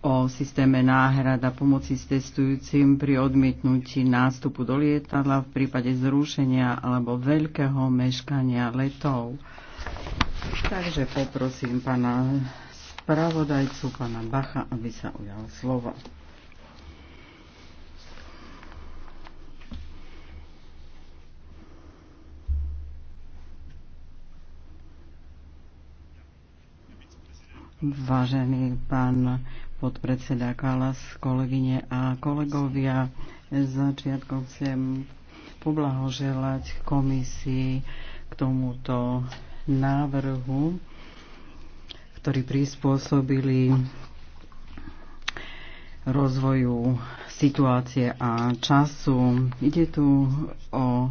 o systéme náhrad a pomoci s testujúcim pri odmietnutí nástupu do lietadla v prípade zrušenia alebo veľkého meškania letov. Takže poprosím pána spravodajcu, pána Bacha, aby sa ujal slova. Vážený pán podpredseda Kalas, kolegyne a kolegovia, začiatkom chcem poblahoželať komisii k tomuto návrhu, ktorý prispôsobili rozvoju situácie a času. Ide tu o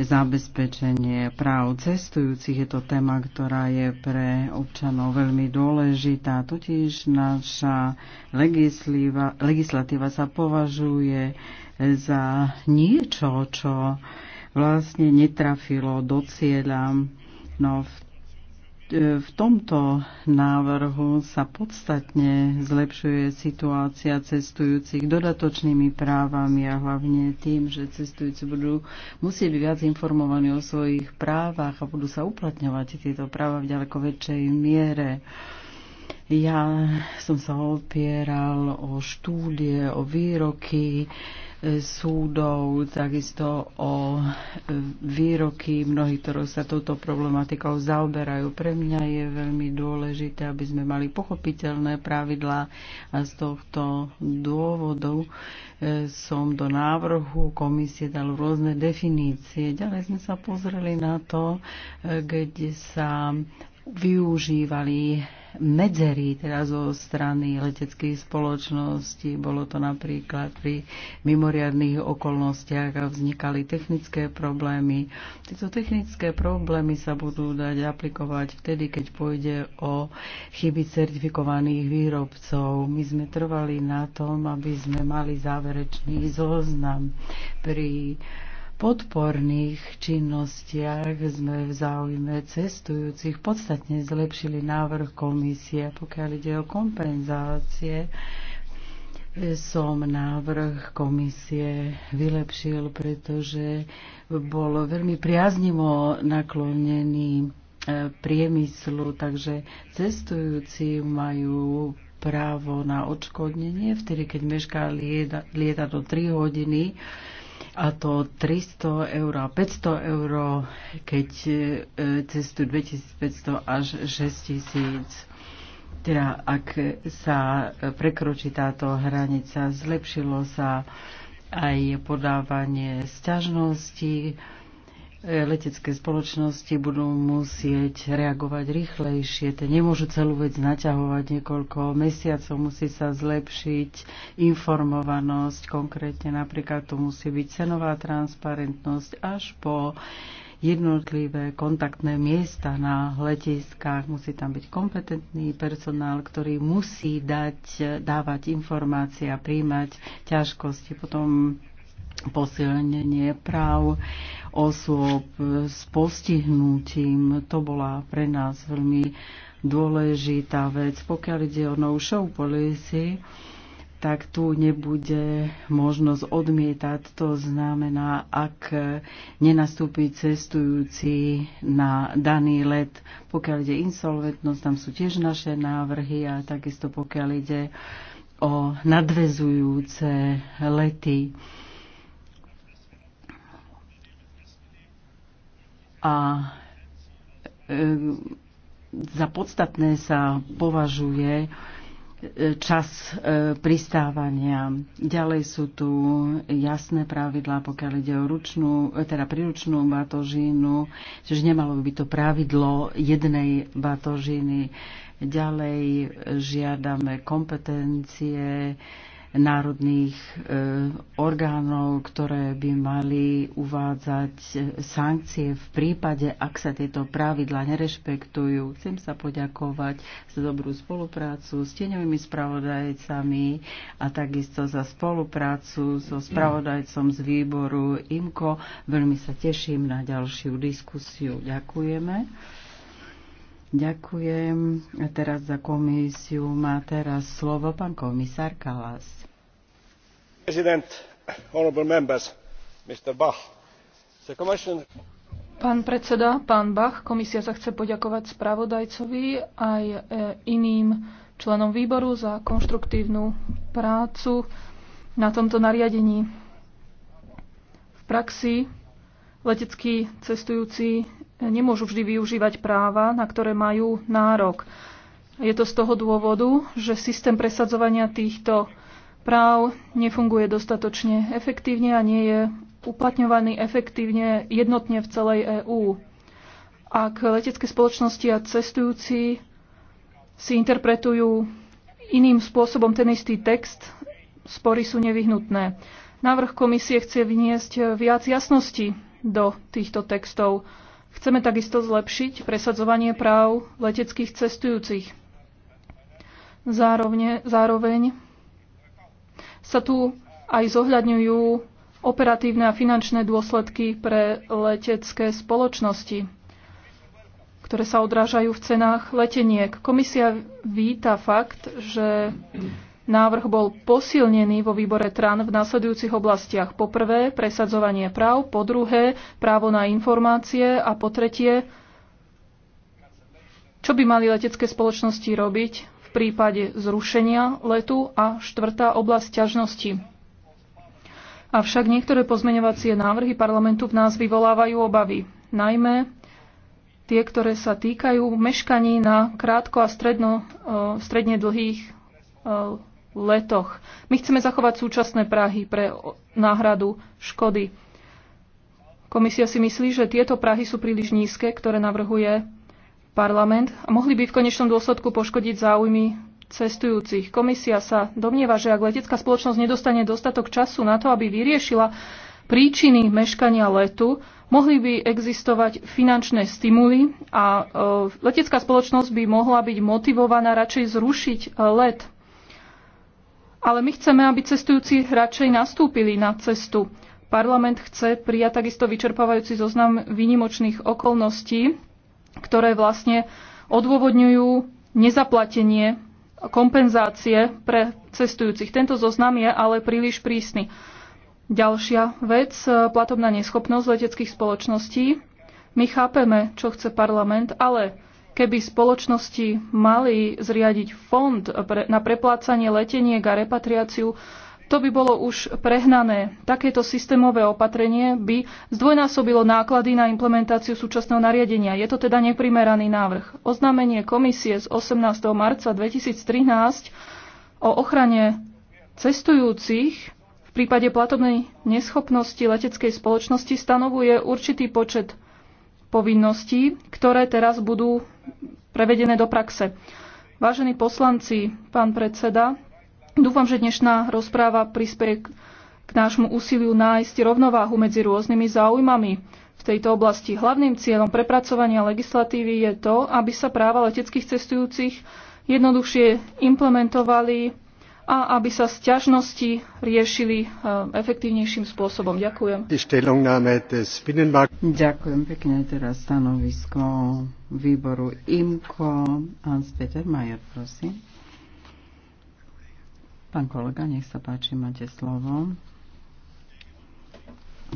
zabezpečenie práv cestujúcich. Je to téma, ktorá je pre občanov veľmi dôležitá. Totiž naša legislatíva, sa považuje za niečo, čo vlastne netrafilo do cieľa. No v v tomto návrhu sa podstatne zlepšuje situácia cestujúcich dodatočnými právami a hlavne tým, že cestujúci budú musieť byť viac informovaní o svojich právach a budú sa uplatňovať tieto práva v ďaleko väčšej miere. Ja som sa opieral o štúdie, o výroky súdov, takisto o výroky mnohých, ktorí sa touto problematikou zaoberajú. Pre mňa je veľmi dôležité, aby sme mali pochopiteľné pravidlá a z tohto dôvodu e, som do návrhu komisie dal rôzne definície. Ďalej sme sa pozreli na to, e, kde sa využívali medzery teda zo strany leteckých spoločností. Bolo to napríklad pri mimoriadných okolnostiach a vznikali technické problémy. Tieto technické problémy sa budú dať aplikovať vtedy, keď pôjde o chyby certifikovaných výrobcov. My sme trvali na tom, aby sme mali záverečný zoznam pri podporných činnostiach sme v záujme cestujúcich podstatne zlepšili návrh komisie, pokiaľ ide o kompenzácie. Som návrh komisie vylepšil, pretože bol veľmi priaznivo naklonený e, priemyslu, takže cestujúci majú právo na odškodnenie, vtedy keď meškali lieta, lieta do 3 hodiny a to 300 eur a 500 eur, keď e, cestu 2500 až 6000. Teda ak sa prekročí táto hranica, zlepšilo sa aj podávanie sťažnosti letecké spoločnosti budú musieť reagovať rýchlejšie. Te nemôžu celú vec naťahovať niekoľko mesiacov, musí sa zlepšiť informovanosť, konkrétne napríklad tu musí byť cenová transparentnosť až po jednotlivé kontaktné miesta na letiskách, musí tam byť kompetentný personál, ktorý musí dať, dávať informácie a príjmať ťažkosti. Potom posilnenie práv osôb s postihnutím. To bola pre nás veľmi dôležitá vec. Pokiaľ ide o novšou show tak tu nebude možnosť odmietať. To znamená, ak nenastúpi cestujúci na daný let, pokiaľ ide insolventnosť, tam sú tiež naše návrhy a takisto pokiaľ ide o nadvezujúce lety a e, za podstatné sa považuje e, čas e, pristávania. Ďalej sú tu jasné pravidlá, pokiaľ ide o ručnú, teda príručnú batožínu, čiže nemalo by to pravidlo jednej batožiny. Ďalej žiadame kompetencie, národných e, orgánov, ktoré by mali uvádzať e, sankcie v prípade, ak sa tieto pravidla nerešpektujú. Chcem sa poďakovať za dobrú spoluprácu s tieňovými spravodajcami a takisto za spoluprácu so spravodajcom z výboru IMKO. Veľmi sa teším na ďalšiu diskusiu. Ďakujeme. Ďakujem. A teraz za komisiu má teraz slovo pán komisár Kalas. President, honorable members, Mr. Bach. The commission... Pán predseda, pán Bach, komisia sa chce poďakovať spravodajcovi aj e, iným členom výboru za konštruktívnu prácu na tomto nariadení. V praxi letecký cestujúci nemôžu vždy využívať práva, na ktoré majú nárok. Je to z toho dôvodu, že systém presadzovania týchto práv nefunguje dostatočne efektívne a nie je uplatňovaný efektívne jednotne v celej EÚ. Ak letecké spoločnosti a cestujúci si interpretujú iným spôsobom ten istý text, spory sú nevyhnutné. Návrh komisie chce vniesť viac jasnosti do týchto textov Chceme takisto zlepšiť presadzovanie práv leteckých cestujúcich. Zároveň, zároveň sa tu aj zohľadňujú operatívne a finančné dôsledky pre letecké spoločnosti, ktoré sa odrážajú v cenách leteniek. Komisia víta fakt, že Návrh bol posilnený vo výbore TRAN v následujúcich oblastiach. Po prvé, presadzovanie práv, po druhé, právo na informácie a po tretie, čo by mali letecké spoločnosti robiť v prípade zrušenia letu a štvrtá oblasť ťažnosti. Avšak niektoré pozmeňovacie návrhy parlamentu v nás vyvolávajú obavy, najmä tie, ktoré sa týkajú meškaní na krátko a stredno, eh, stredne dlhých eh, letoch. My chceme zachovať súčasné Prahy pre náhradu škody. Komisia si myslí, že tieto Prahy sú príliš nízke, ktoré navrhuje parlament a mohli by v konečnom dôsledku poškodiť záujmy cestujúcich. Komisia sa domnieva, že ak letecká spoločnosť nedostane dostatok času na to, aby vyriešila príčiny meškania letu, mohli by existovať finančné stimuly a e, letecká spoločnosť by mohla byť motivovaná radšej zrušiť e, let. Ale my chceme, aby cestujúci radšej nastúpili na cestu. Parlament chce prijať takisto vyčerpávajúci zoznam výnimočných okolností, ktoré vlastne odôvodňujú nezaplatenie kompenzácie pre cestujúcich. Tento zoznam je ale príliš prísny. Ďalšia vec, platobná neschopnosť leteckých spoločností. My chápeme, čo chce parlament, ale Keby spoločnosti mali zriadiť fond pre, na preplácanie leteniek a repatriáciu, to by bolo už prehnané. Takéto systémové opatrenie by zdvojnásobilo náklady na implementáciu súčasného nariadenia. Je to teda neprimeraný návrh. Oznámenie komisie z 18. marca 2013 o ochrane cestujúcich v prípade platobnej neschopnosti leteckej spoločnosti stanovuje určitý počet povinností, ktoré teraz budú prevedené do praxe. Vážení poslanci, pán predseda, dúfam, že dnešná rozpráva prispie k nášmu úsiliu nájsť rovnováhu medzi rôznymi záujmami v tejto oblasti. Hlavným cieľom prepracovania legislatívy je to, aby sa práva leteckých cestujúcich jednoduchšie implementovali a aby sa sťažnosti riešili eh, efektívnejším spôsobom. Ďakujem. Ďakujem pekne teraz stanovisko výboru IMKO. Hans-Peter Majer, prosím. Pán kolega, nech sa páči, máte slovo.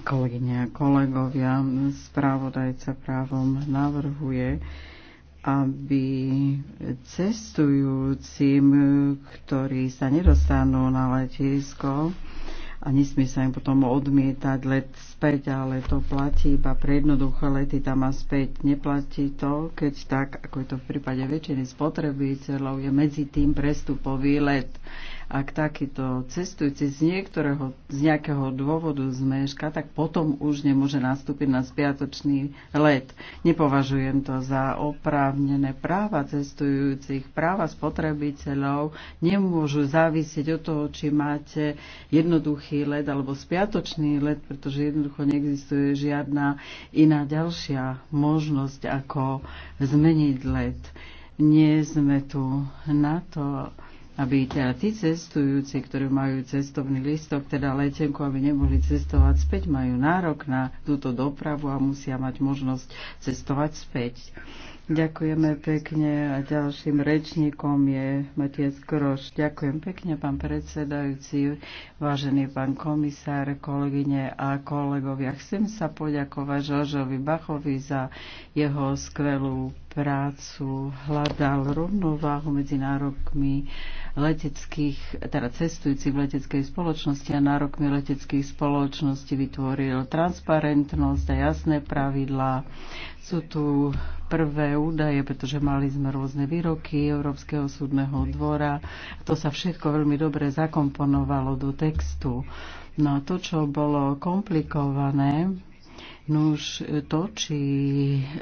Kolegyne a kolegovia, správodajca právom navrhuje aby cestujúcim, ktorí sa nedostanú na letisko, a nesmie sa im potom odmietať let späť, ale to platí iba pre jednoduché lety tam a späť. Neplatí to, keď tak, ako je to v prípade väčšiny spotrebiteľov, je medzi tým prestupový let. Ak takýto cestujúci z, niektorého, z nejakého dôvodu zmeška, tak potom už nemôže nastúpiť na spiatočný let. Nepovažujem to za oprávnené práva cestujúcich, práva spotrebiteľov nemôžu závisieť od toho, či máte jednoduchý let alebo spiatočný let, pretože jednoducho neexistuje žiadna iná ďalšia možnosť, ako zmeniť let. Nie sme tu na to, aby teda tí cestujúci, ktorí majú cestovný listok, teda letenku, aby nemohli cestovať späť, majú nárok na túto dopravu a musia mať možnosť cestovať späť. Ďakujeme pekne a ďalším rečníkom je Matias Kroš. Ďakujem pekne, pán predsedajúci, vážený pán komisár, kolegyne a kolegovia. Chcem sa poďakovať Žožovi Bachovi za jeho skvelú prácu. Hľadal rovnováhu medzi nárokmi leteckých, teda cestujúcich v leteckej spoločnosti a nárokmi leteckých spoločností vytvoril transparentnosť a jasné pravidlá sú tu prvé údaje, pretože mali sme rôzne výroky Európskeho súdneho dvora. To sa všetko veľmi dobre zakomponovalo do textu. No a to, čo bolo komplikované, už to, či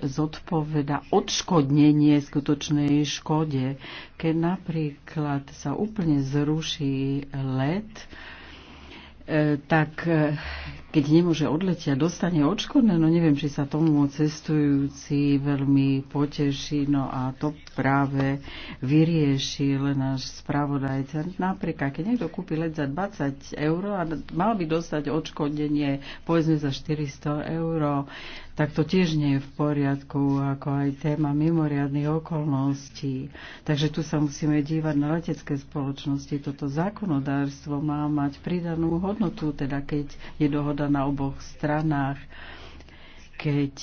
zodpoveda odškodnenie skutočnej škode, keď napríklad sa úplne zruší let, eh, tak keď nemôže odletia, dostane odškodné, no neviem, či sa tomu cestujúci veľmi poteší, no a to práve vyriešil náš spravodajca. Napríklad, keď niekto kúpi let za 20 eur a mal by dostať odškodenie, povedzme za 400 eur, tak to tiež nie je v poriadku, ako aj téma mimoriadnych okolností. Takže tu sa musíme dívať na letecké spoločnosti. Toto zákonodárstvo má mať pridanú hodnotu, teda keď je dohoda teda na oboch stranách keď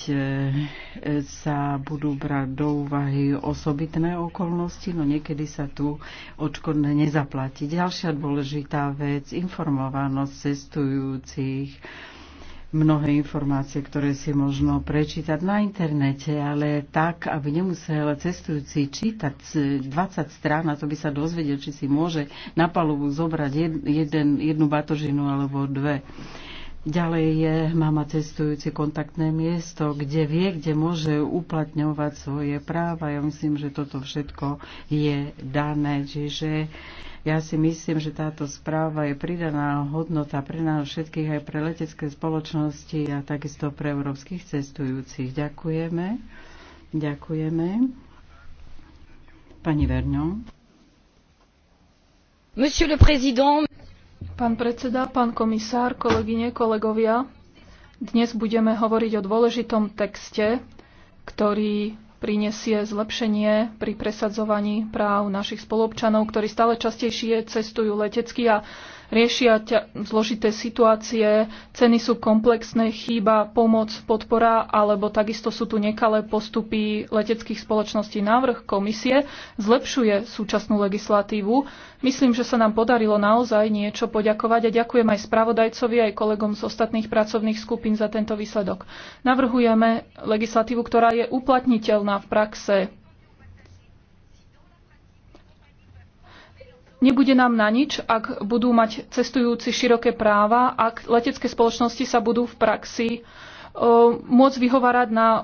e, sa budú brať do úvahy osobitné okolnosti, no niekedy sa tu očkodné nezaplatí. Ďalšia dôležitá vec, informovanosť cestujúcich, mnohé informácie, ktoré si možno prečítať na internete, ale tak, aby nemusel cestujúci čítať 20 strán, a to by sa dozvedel, či si môže na palubu zobrať jed, jeden, jednu batožinu alebo dve. Ďalej je mama cestujúci kontaktné miesto, kde vie, kde môže uplatňovať svoje práva. Ja myslím, že toto všetko je dané. Čiže ja si myslím, že táto správa je pridaná hodnota pre nás všetkých aj pre letecké spoločnosti a takisto pre európskych cestujúcich. Ďakujeme. Ďakujeme. Pani Verňo. Monsieur le Président, Pán predseda, pán komisár, kolegyne, kolegovia, dnes budeme hovoriť o dôležitom texte, ktorý prinesie zlepšenie pri presadzovaní práv našich spolupčanov, ktorí stále častejšie cestujú letecky a riešia zložité situácie, ceny sú komplexné, chýba pomoc, podpora, alebo takisto sú tu nekalé postupy leteckých spoločností. Návrh komisie zlepšuje súčasnú legislatívu. Myslím, že sa nám podarilo naozaj niečo poďakovať a ďakujem aj spravodajcovi, aj kolegom z ostatných pracovných skupín za tento výsledok. Navrhujeme legislatívu, ktorá je uplatniteľná v praxe Nebude nám na nič, ak budú mať cestujúci široké práva, ak letecké spoločnosti sa budú v praxi e, môcť vyhovárať na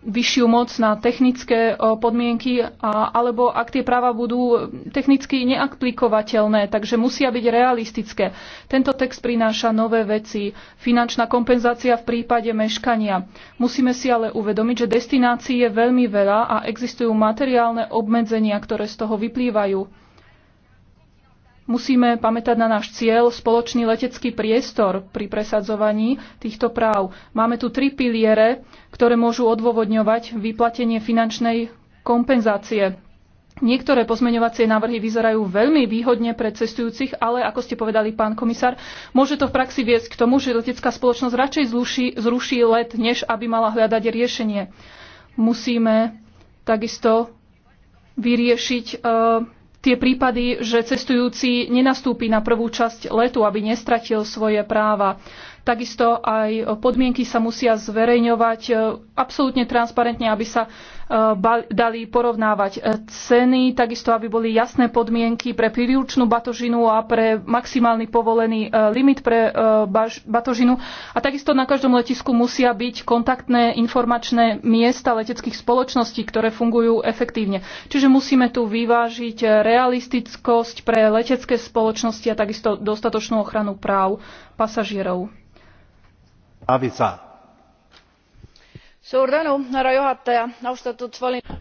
vyššiu moc na technické e, podmienky, alebo ak tie práva budú technicky neaplikovateľné, takže musia byť realistické. Tento text prináša nové veci, finančná kompenzácia v prípade meškania. Musíme si ale uvedomiť, že destinácií je veľmi veľa a existujú materiálne obmedzenia, ktoré z toho vyplývajú. Musíme pamätať na náš cieľ, spoločný letecký priestor pri presadzovaní týchto práv. Máme tu tri piliere, ktoré môžu odôvodňovať vyplatenie finančnej kompenzácie. Niektoré pozmeňovacie návrhy vyzerajú veľmi výhodne pre cestujúcich, ale ako ste povedali, pán komisár, môže to v praxi viesť k tomu, že letecká spoločnosť radšej zruší, zruší let, než aby mala hľadať riešenie. Musíme takisto vyriešiť uh, tie prípady, že cestujúci nenastúpi na prvú časť letu, aby nestratil svoje práva. Takisto aj podmienky sa musia zverejňovať e, absolútne transparentne, aby sa e, dali porovnávať e, ceny, takisto aby boli jasné podmienky pre príručnú batožinu a pre maximálny povolený limit pre batožinu. A takisto na každom letisku musia byť kontaktné informačné miesta leteckých spoločností, ktoré fungujú efektívne. Čiže musíme tu vyvážiť realistickosť pre letecké spoločnosti a takisto dostatočnú ochranu práv pasažierov.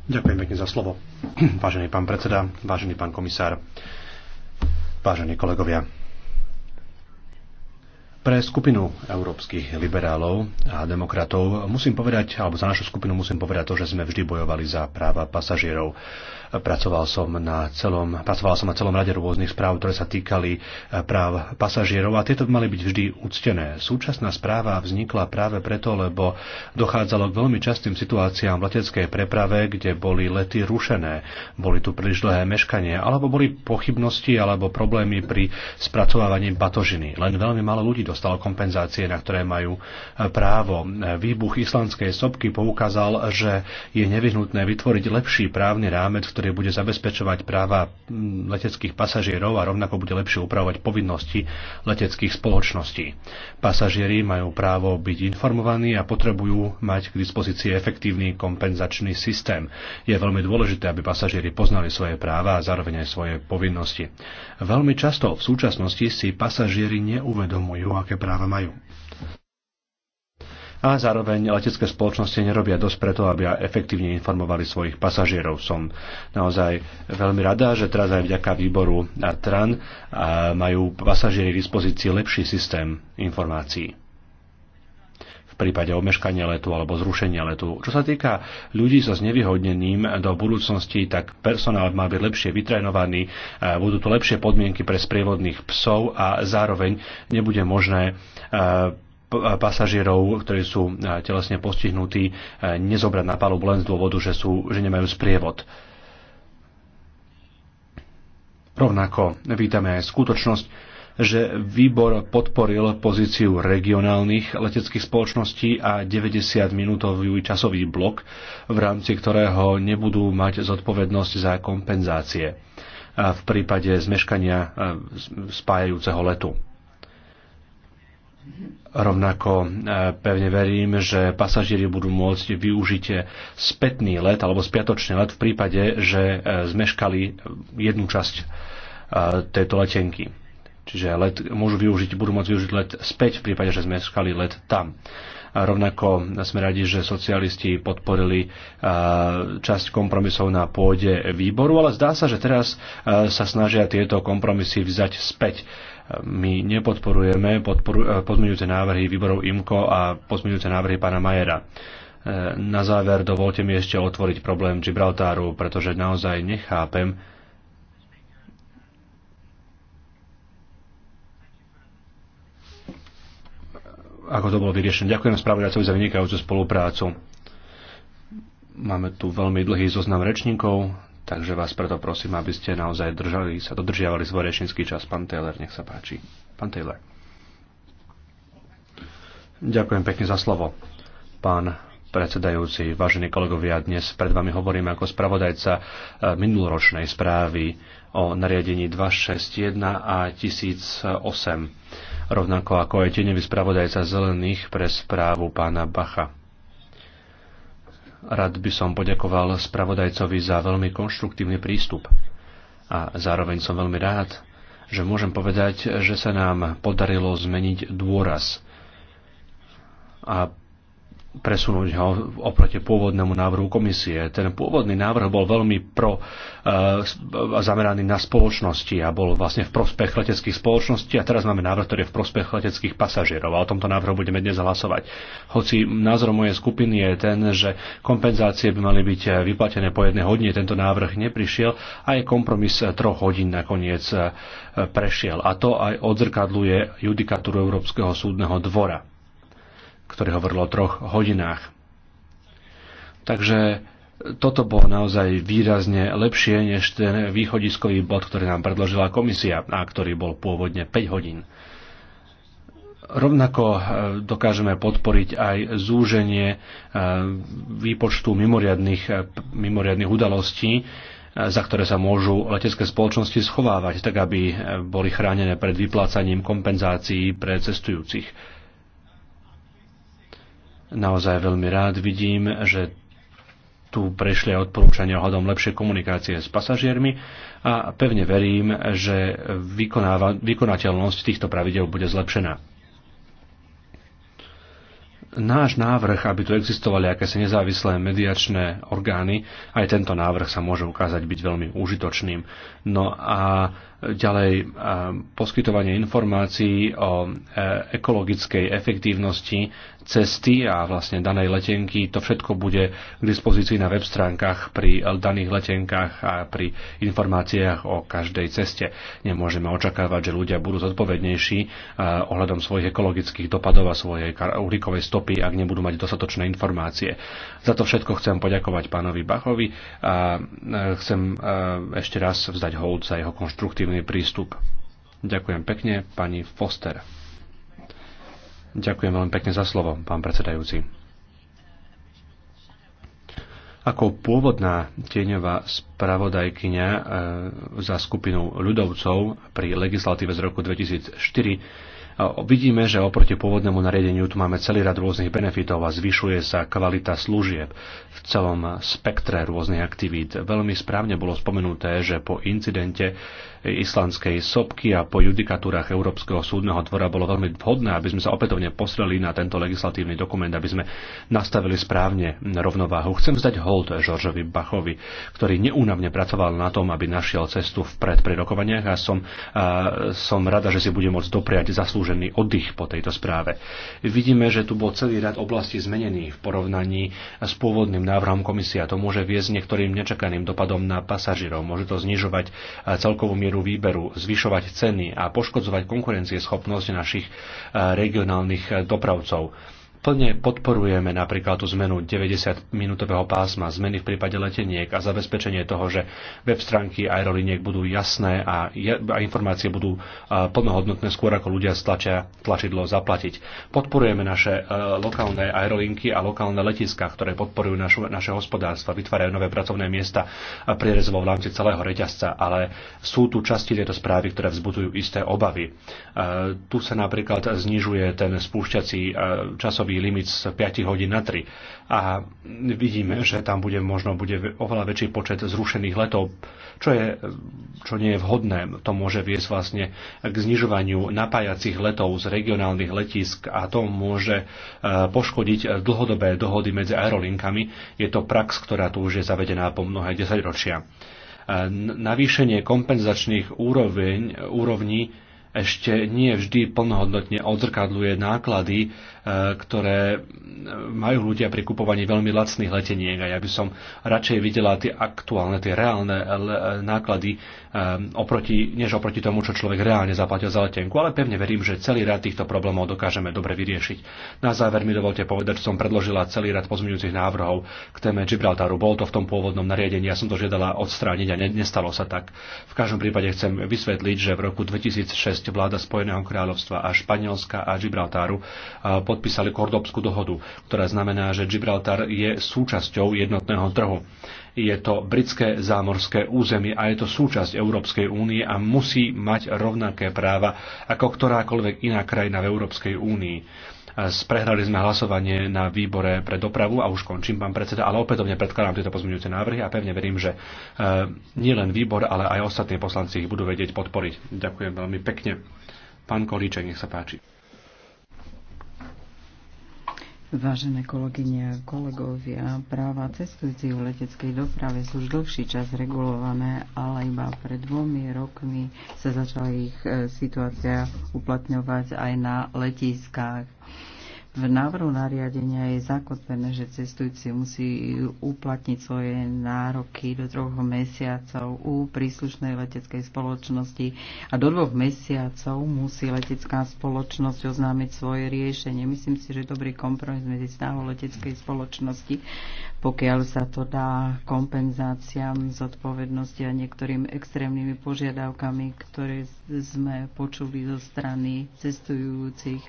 Ďakujem pekne za slovo. Vážený pán predseda, vážený pán komisár, vážení kolegovia pre skupinu európskych liberálov a demokratov musím povedať, alebo za našu skupinu musím povedať to, že sme vždy bojovali za práva pasažierov. Pracoval som na celom, pracoval som na celom rade rôznych správ, ktoré sa týkali eh, práv pasažierov a tieto mali byť vždy úctené. Súčasná správa vznikla práve preto, lebo dochádzalo k veľmi častým situáciám v leteckej preprave, kde boli lety rušené, boli tu príliš dlhé meškanie, alebo boli pochybnosti alebo problémy pri spracovávaní batožiny. Len veľmi málo ľudí nedostal kompenzácie, na ktoré majú e, právo. E, výbuch islandskej sopky poukázal, že je nevyhnutné vytvoriť lepší právny rámec, ktorý bude zabezpečovať práva mm, leteckých pasažierov a rovnako bude lepšie upravovať povinnosti leteckých spoločností. Pasažieri majú právo byť informovaní a potrebujú mať k dispozícii efektívny kompenzačný systém. Je veľmi dôležité, aby pasažieri poznali svoje práva a zároveň aj svoje povinnosti. Veľmi často v súčasnosti si pasažieri neuvedomujú, aké práva majú a zároveň letecké spoločnosti nerobia dosť preto, aby efektívne informovali svojich pasažierov. Som naozaj veľmi rada, že teraz aj vďaka výboru a TRAN majú pasažieri k dispozícii lepší systém informácií prípade omeškania letu alebo zrušenia letu. Čo sa týka ľudí so znevýhodneným do budúcnosti, tak personál má byť lepšie vytrénovaný, e, budú tu lepšie podmienky pre sprievodných psov a zároveň nebude možné e, e, pasažierov, ktorí sú telesne postihnutí, nezobrať na palubu len z dôvodu, že, sú, že nemajú sprievod. Rovnako vítame aj skutočnosť, že výbor podporil pozíciu regionálnych leteckých spoločností a 90-minútový časový blok, v rámci ktorého nebudú mať zodpovednosť za kompenzácie v prípade zmeškania spájajúceho letu. Rovnako e, pevne verím, že pasažieri budú môcť využiť spätný let alebo spiatočný let v prípade, že e, zmeškali jednu časť e, tejto letenky. Čiže let môžu využiť, budú môcť využiť let späť v prípade, že sme skali let tam. A rovnako sme radi, že socialisti podporili časť kompromisov na pôde výboru, ale zdá sa, že teraz sa snažia tieto kompromisy vzať späť. My nepodporujeme podporu, pozmeňujúce návrhy výborov IMKO a pozmeňujúce návrhy pána Majera. Na záver dovolte mi ešte otvoriť problém Gibraltáru, pretože naozaj nechápem, ako to bolo vyriešené. Ďakujem spravodajcovi za vynikajúcu spoluprácu. Máme tu veľmi dlhý zoznam rečníkov, takže vás preto prosím, aby ste naozaj držali, sa dodržiavali svoj rečnícky čas. Pán Taylor, nech sa páči. Pán Taylor. Ďakujem pekne za slovo. Pán predsedajúci, vážení kolegovia, dnes pred vami hovorím ako spravodajca e, minuloročnej správy o nariadení 261 a 1008 rovnako ako aj tenevý spravodajca zelených pre správu pána Bacha. Rád by som poďakoval spravodajcovi za veľmi konštruktívny prístup a zároveň som veľmi rád, že môžem povedať, že sa nám podarilo zmeniť dôraz a presunúť ho oproti pôvodnému návrhu komisie. Ten pôvodný návrh bol veľmi pro, e, e, zameraný na spoločnosti a bol vlastne v prospech leteckých spoločností a teraz máme návrh, ktorý je v prospech leteckých pasažierov a o tomto návrhu budeme dnes hlasovať. Hoci názor mojej skupiny je ten, že kompenzácie by mali byť vyplatené po jednej hodine, tento návrh neprišiel a aj kompromis troch hodín nakoniec e, prešiel. A to aj odzrkadluje judikatúru Európskeho súdneho dvora ktorý hovoril o troch hodinách. Takže toto bolo naozaj výrazne lepšie než ten východiskový bod, ktorý nám predložila komisia a ktorý bol pôvodne 5 hodín. Rovnako e, dokážeme podporiť aj zúženie e, výpočtu mimoriadných, e, mimoriadných udalostí, za ktoré sa môžu letecké spoločnosti schovávať, tak aby boli chránené pred vyplácaním kompenzácií pre cestujúcich Naozaj veľmi rád vidím, že tu prešli aj odporúčania ohľadom lepšej komunikácie s pasažiermi a pevne verím, že vykonateľnosť týchto pravidel bude zlepšená náš návrh, aby tu existovali akési nezávislé mediačné orgány, aj tento návrh sa môže ukázať byť veľmi užitočným. No a ďalej poskytovanie informácií o e, ekologickej efektívnosti cesty a vlastne danej letenky. To všetko bude k dispozícii na web stránkach pri daných letenkách a pri informáciách o každej ceste. Nemôžeme očakávať, že ľudia budú zodpovednejší eh, ohľadom svojich ekologických dopadov a svojej uhlíkovej stopy, ak nebudú mať dostatočné informácie. Za to všetko chcem poďakovať pánovi Bachovi a eh, chcem eh, ešte raz vzdať hold za jeho konštruktívny prístup. Ďakujem pekne, pani Foster. Ďakujem veľmi pekne za slovo, pán predsedajúci. Ako pôvodná tieňová spravodajkyňa e, za skupinu ľudovcov pri legislatíve z roku 2004 e, vidíme, že oproti pôvodnému nariadeniu tu máme celý rad rôznych benefitov a zvyšuje sa kvalita služieb v celom spektre rôznych aktivít. Veľmi správne bolo spomenuté, že po incidente islandskej sopky a po judikatúrach Európskeho súdneho dvora bolo veľmi vhodné, aby sme sa opätovne posleli na tento legislatívny dokument, aby sme nastavili správne rovnováhu. Chcem zdať hold Žoržovi Bachovi, ktorý neúnavne pracoval na tom, aby našiel cestu vpred pri rokovaniach a som, a som rada, že si bude môcť dopriať zaslúžený oddych po tejto správe. Vidíme, že tu bol celý rad oblastí zmenených v porovnaní s pôvodným návrhom komisia. To môže viesť niektorým nečakaným dopadom na pasažierov. Môže to znižovať celkovú mieru mieru výberu, zvyšovať ceny a poškodzovať konkurencieschopnosť našich eh, regionálnych eh, dopravcov. Plne podporujeme napríklad tú zmenu 90-minútového pásma, zmeny v prípade leteniek a zabezpečenie toho, že web stránky aeroliniek budú jasné a, je, a informácie budú e, plnohodnotné skôr ako ľudia stlačia tlačidlo zaplatiť. Podporujeme naše e, lokálne aerolinky a lokálne letiska, ktoré podporujú našu, naše hospodárstva, vytvárajú nové pracovné miesta a prierezovo v rámci celého reťazca, ale sú tu časti tejto správy, ktoré vzbudzujú isté obavy. E, tu sa napríklad znižuje ten spúšťací časový limit z 5 hodín na 3. A vidíme, že tam bude možno bude oveľa väčší počet zrušených letov, čo, je, čo nie je vhodné. To môže viesť vlastne k znižovaniu napájacích letov z regionálnych letisk a to môže e, poškodiť dlhodobé dohody medzi aerolinkami. Je to prax, ktorá tu už je zavedená po mnohé desaťročia. E, navýšenie kompenzačných úroveň, úrovní ešte nie vždy plnohodnotne odzrkadluje náklady ktoré majú ľudia pri kupovaní veľmi lacných leteniek a ja by som radšej videla tie aktuálne, tie reálne náklady ehm, oproti, než oproti tomu, čo človek reálne zaplatil za letenku, ale pevne verím, že celý rad týchto problémov dokážeme dobre vyriešiť. Na záver mi dovolte povedať, že som predložila celý rad pozmeňujúcich návrhov k téme Gibraltaru. Bol to v tom pôvodnom nariadení, ja som to žiadala odstrániť a nestalo sa tak. V každom prípade chcem vysvetliť, že v roku 2006 vláda Spojeného kráľovstva a Španielska a Gibraltáru pod eh, podpísali Kordobskú dohodu, ktorá znamená, že Gibraltar je súčasťou jednotného trhu. Je to britské zámorské územie a je to súčasť Európskej únie a musí mať rovnaké práva ako ktorákoľvek iná krajina v Európskej únii. Sprehrali sme hlasovanie na výbore pre dopravu a už končím, pán predseda, ale opätovne predkladám tieto pozmeňujúce návrhy a pevne verím, že e, nielen výbor, ale aj ostatní poslanci ich budú vedieť podporiť. Ďakujem veľmi pekne. Pán Kolíček, nech sa páči. Vážené kolegyne a kolegovia, práva cestujúcich v leteckej doprave sú už dlhší čas regulované, ale iba pred dvomi rokmi sa začala ich e, situácia uplatňovať aj na letiskách. V návrhu nariadenia je zakotvené, že cestujúci musí uplatniť svoje nároky do troch mesiacov u príslušnej leteckej spoločnosti a do dvoch mesiacov musí letecká spoločnosť oznámiť svoje riešenie. Myslím si, že dobrý kompromis medzi snahou leteckej spoločnosti, pokiaľ sa to dá kompenzáciám zodpovednosti a niektorým extrémnymi požiadavkami, ktoré sme počuli zo strany cestujúcich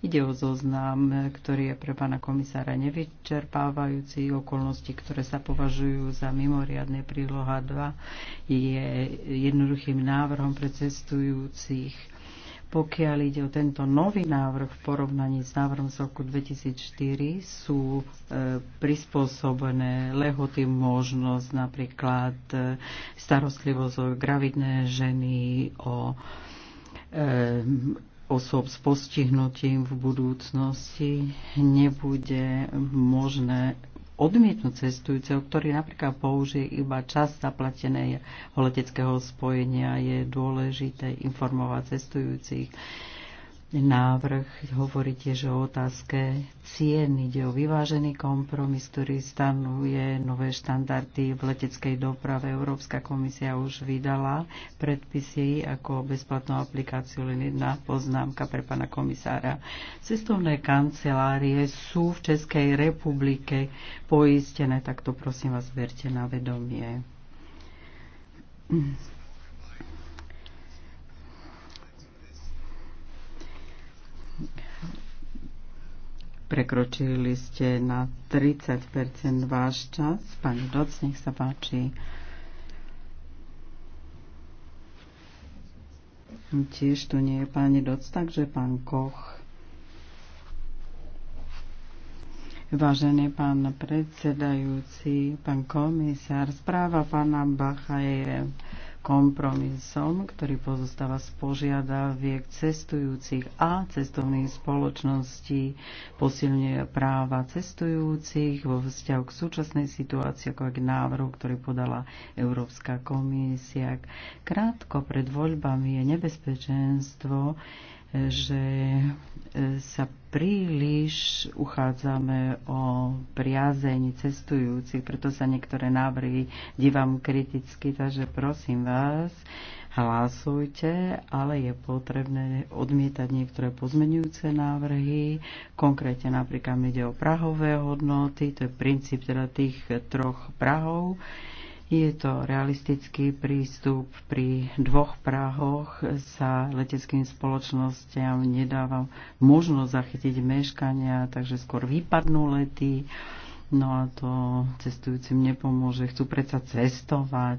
Ide o zoznam, ktorý je pre pána komisára nevyčerpávajúci. Okolnosti, ktoré sa považujú za mimoriadne príloha 2, je jednoduchým návrhom pre cestujúcich. Pokiaľ ide o tento nový návrh v porovnaní s návrhom z roku 2004, sú e, prispôsobené lehoty možnosť napríklad e, starostlivosť o gravidné ženy, o e, osob s postihnutím v budúcnosti nebude možné odmietnúť cestujúceho, ktorý napríklad použije iba čas zaplateného leteckého spojenia. Je dôležité informovať cestujúcich, návrh hovorí tiež o otázke cien. Ide o vyvážený kompromis, ktorý stanuje nové štandardy v leteckej doprave. Európska komisia už vydala predpisy ako bezplatnú aplikáciu. Len jedna poznámka pre pana komisára. Cestovné kancelárie sú v Českej republike poistené, tak to prosím vás verte na vedomie. Prekročili ste na 30 váš čas. Pani Doc, nech sa páči. Tiež tu nie je pani Doc, takže pán Koch. Vážený pán predsedajúci, pán komisár, správa pána Bacha je kompromisom, ktorý pozostáva z požiadaviek cestujúcich a cestovných spoločností, posilňuje práva cestujúcich vo vzťahu k súčasnej situácii, ako aj k návrhu, ktorý podala Európska komisia. Krátko pred voľbami je nebezpečenstvo, že sa príliš uchádzame o priazeň cestujúcich, preto sa niektoré návrhy dívam kriticky, takže prosím vás, hlasujte, ale je potrebné odmietať niektoré pozmenujúce návrhy, konkrétne napríklad ide o prahové hodnoty, to je princíp teda tých troch prahov, je to realistický prístup. Pri dvoch Prahoch sa leteckým spoločnosťam nedáva možnosť zachytiť meškania, takže skôr vypadnú lety. No a to cestujúcim nepomôže. Chcú predsa cestovať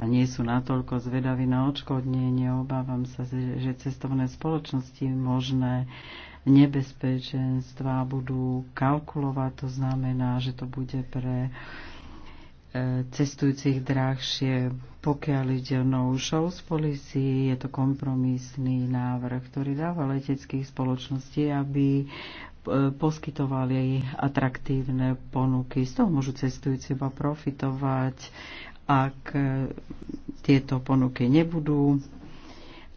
a nie sú natoľko zvedaví na odškodnenie. Obávam sa, že cestovné spoločnosti možné nebezpečenstva budú kalkulovať. To znamená, že to bude pre cestujúcich drahšie. Pokiaľ ide o no-show z policii, je to kompromisný návrh, ktorý dáva leteckých spoločností, aby e, poskytovali atraktívne ponuky. Z toho môžu cestujúci iba profitovať, ak e, tieto ponuky nebudú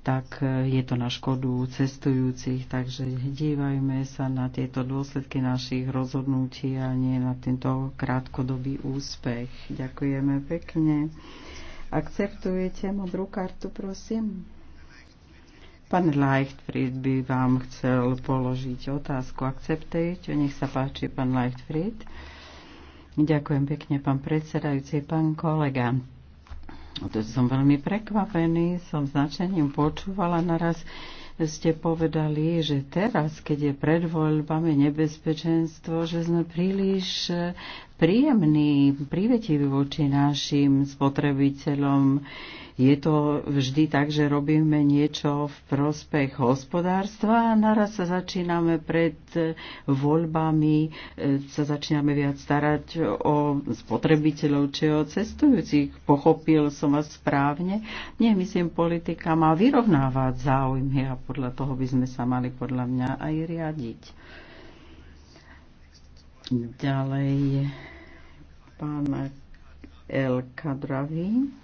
tak e, je to na škodu cestujúcich. Takže dívajme sa na tieto dôsledky našich rozhodnutí a nie na tento krátkodobý úspech. Ďakujeme pekne. Akceptujete modrú kartu, prosím? Pán Leichtfried by vám chcel položiť otázku. Akceptujete? Nech sa páči, pán Leichtfried. Ďakujem pekne, pán predsedajúci, pán kolega. To som veľmi prekvapený, som značením počúvala naraz, ste povedali, že teraz, keď je pred voľbami nebezpečenstvo, že sme príliš e, príjemní, prívetiví voči našim spotrebiteľom je to vždy tak, že robíme niečo v prospech hospodárstva a naraz sa začíname pred voľbami, e, sa začíname viac starať o spotrebiteľov či o cestujúcich. Pochopil som vás správne? Nie, myslím, politika má vyrovnávať záujmy a podľa toho by sme sa mali podľa mňa aj riadiť. Ďalej pán El Kadravín.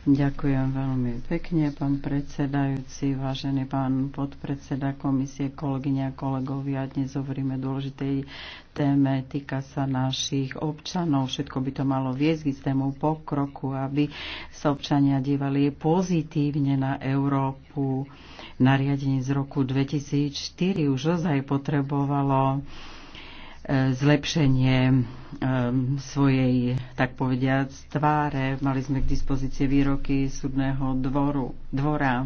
Ďakujem veľmi pekne, pán predsedajúci, vážený pán podpredseda komisie, kolegyňa, kolegovia. Dnes hovoríme dôležitej téme, týka sa našich občanov. Všetko by to malo viesť k istému pokroku, aby sa občania dívali pozitívne na Európu. Nariadenie z roku 2004 už ozaj potrebovalo E, zlepšenie e, svojej, tak povediať, tváre. Mali sme k dispozície výroky súdneho dvoru, dvora.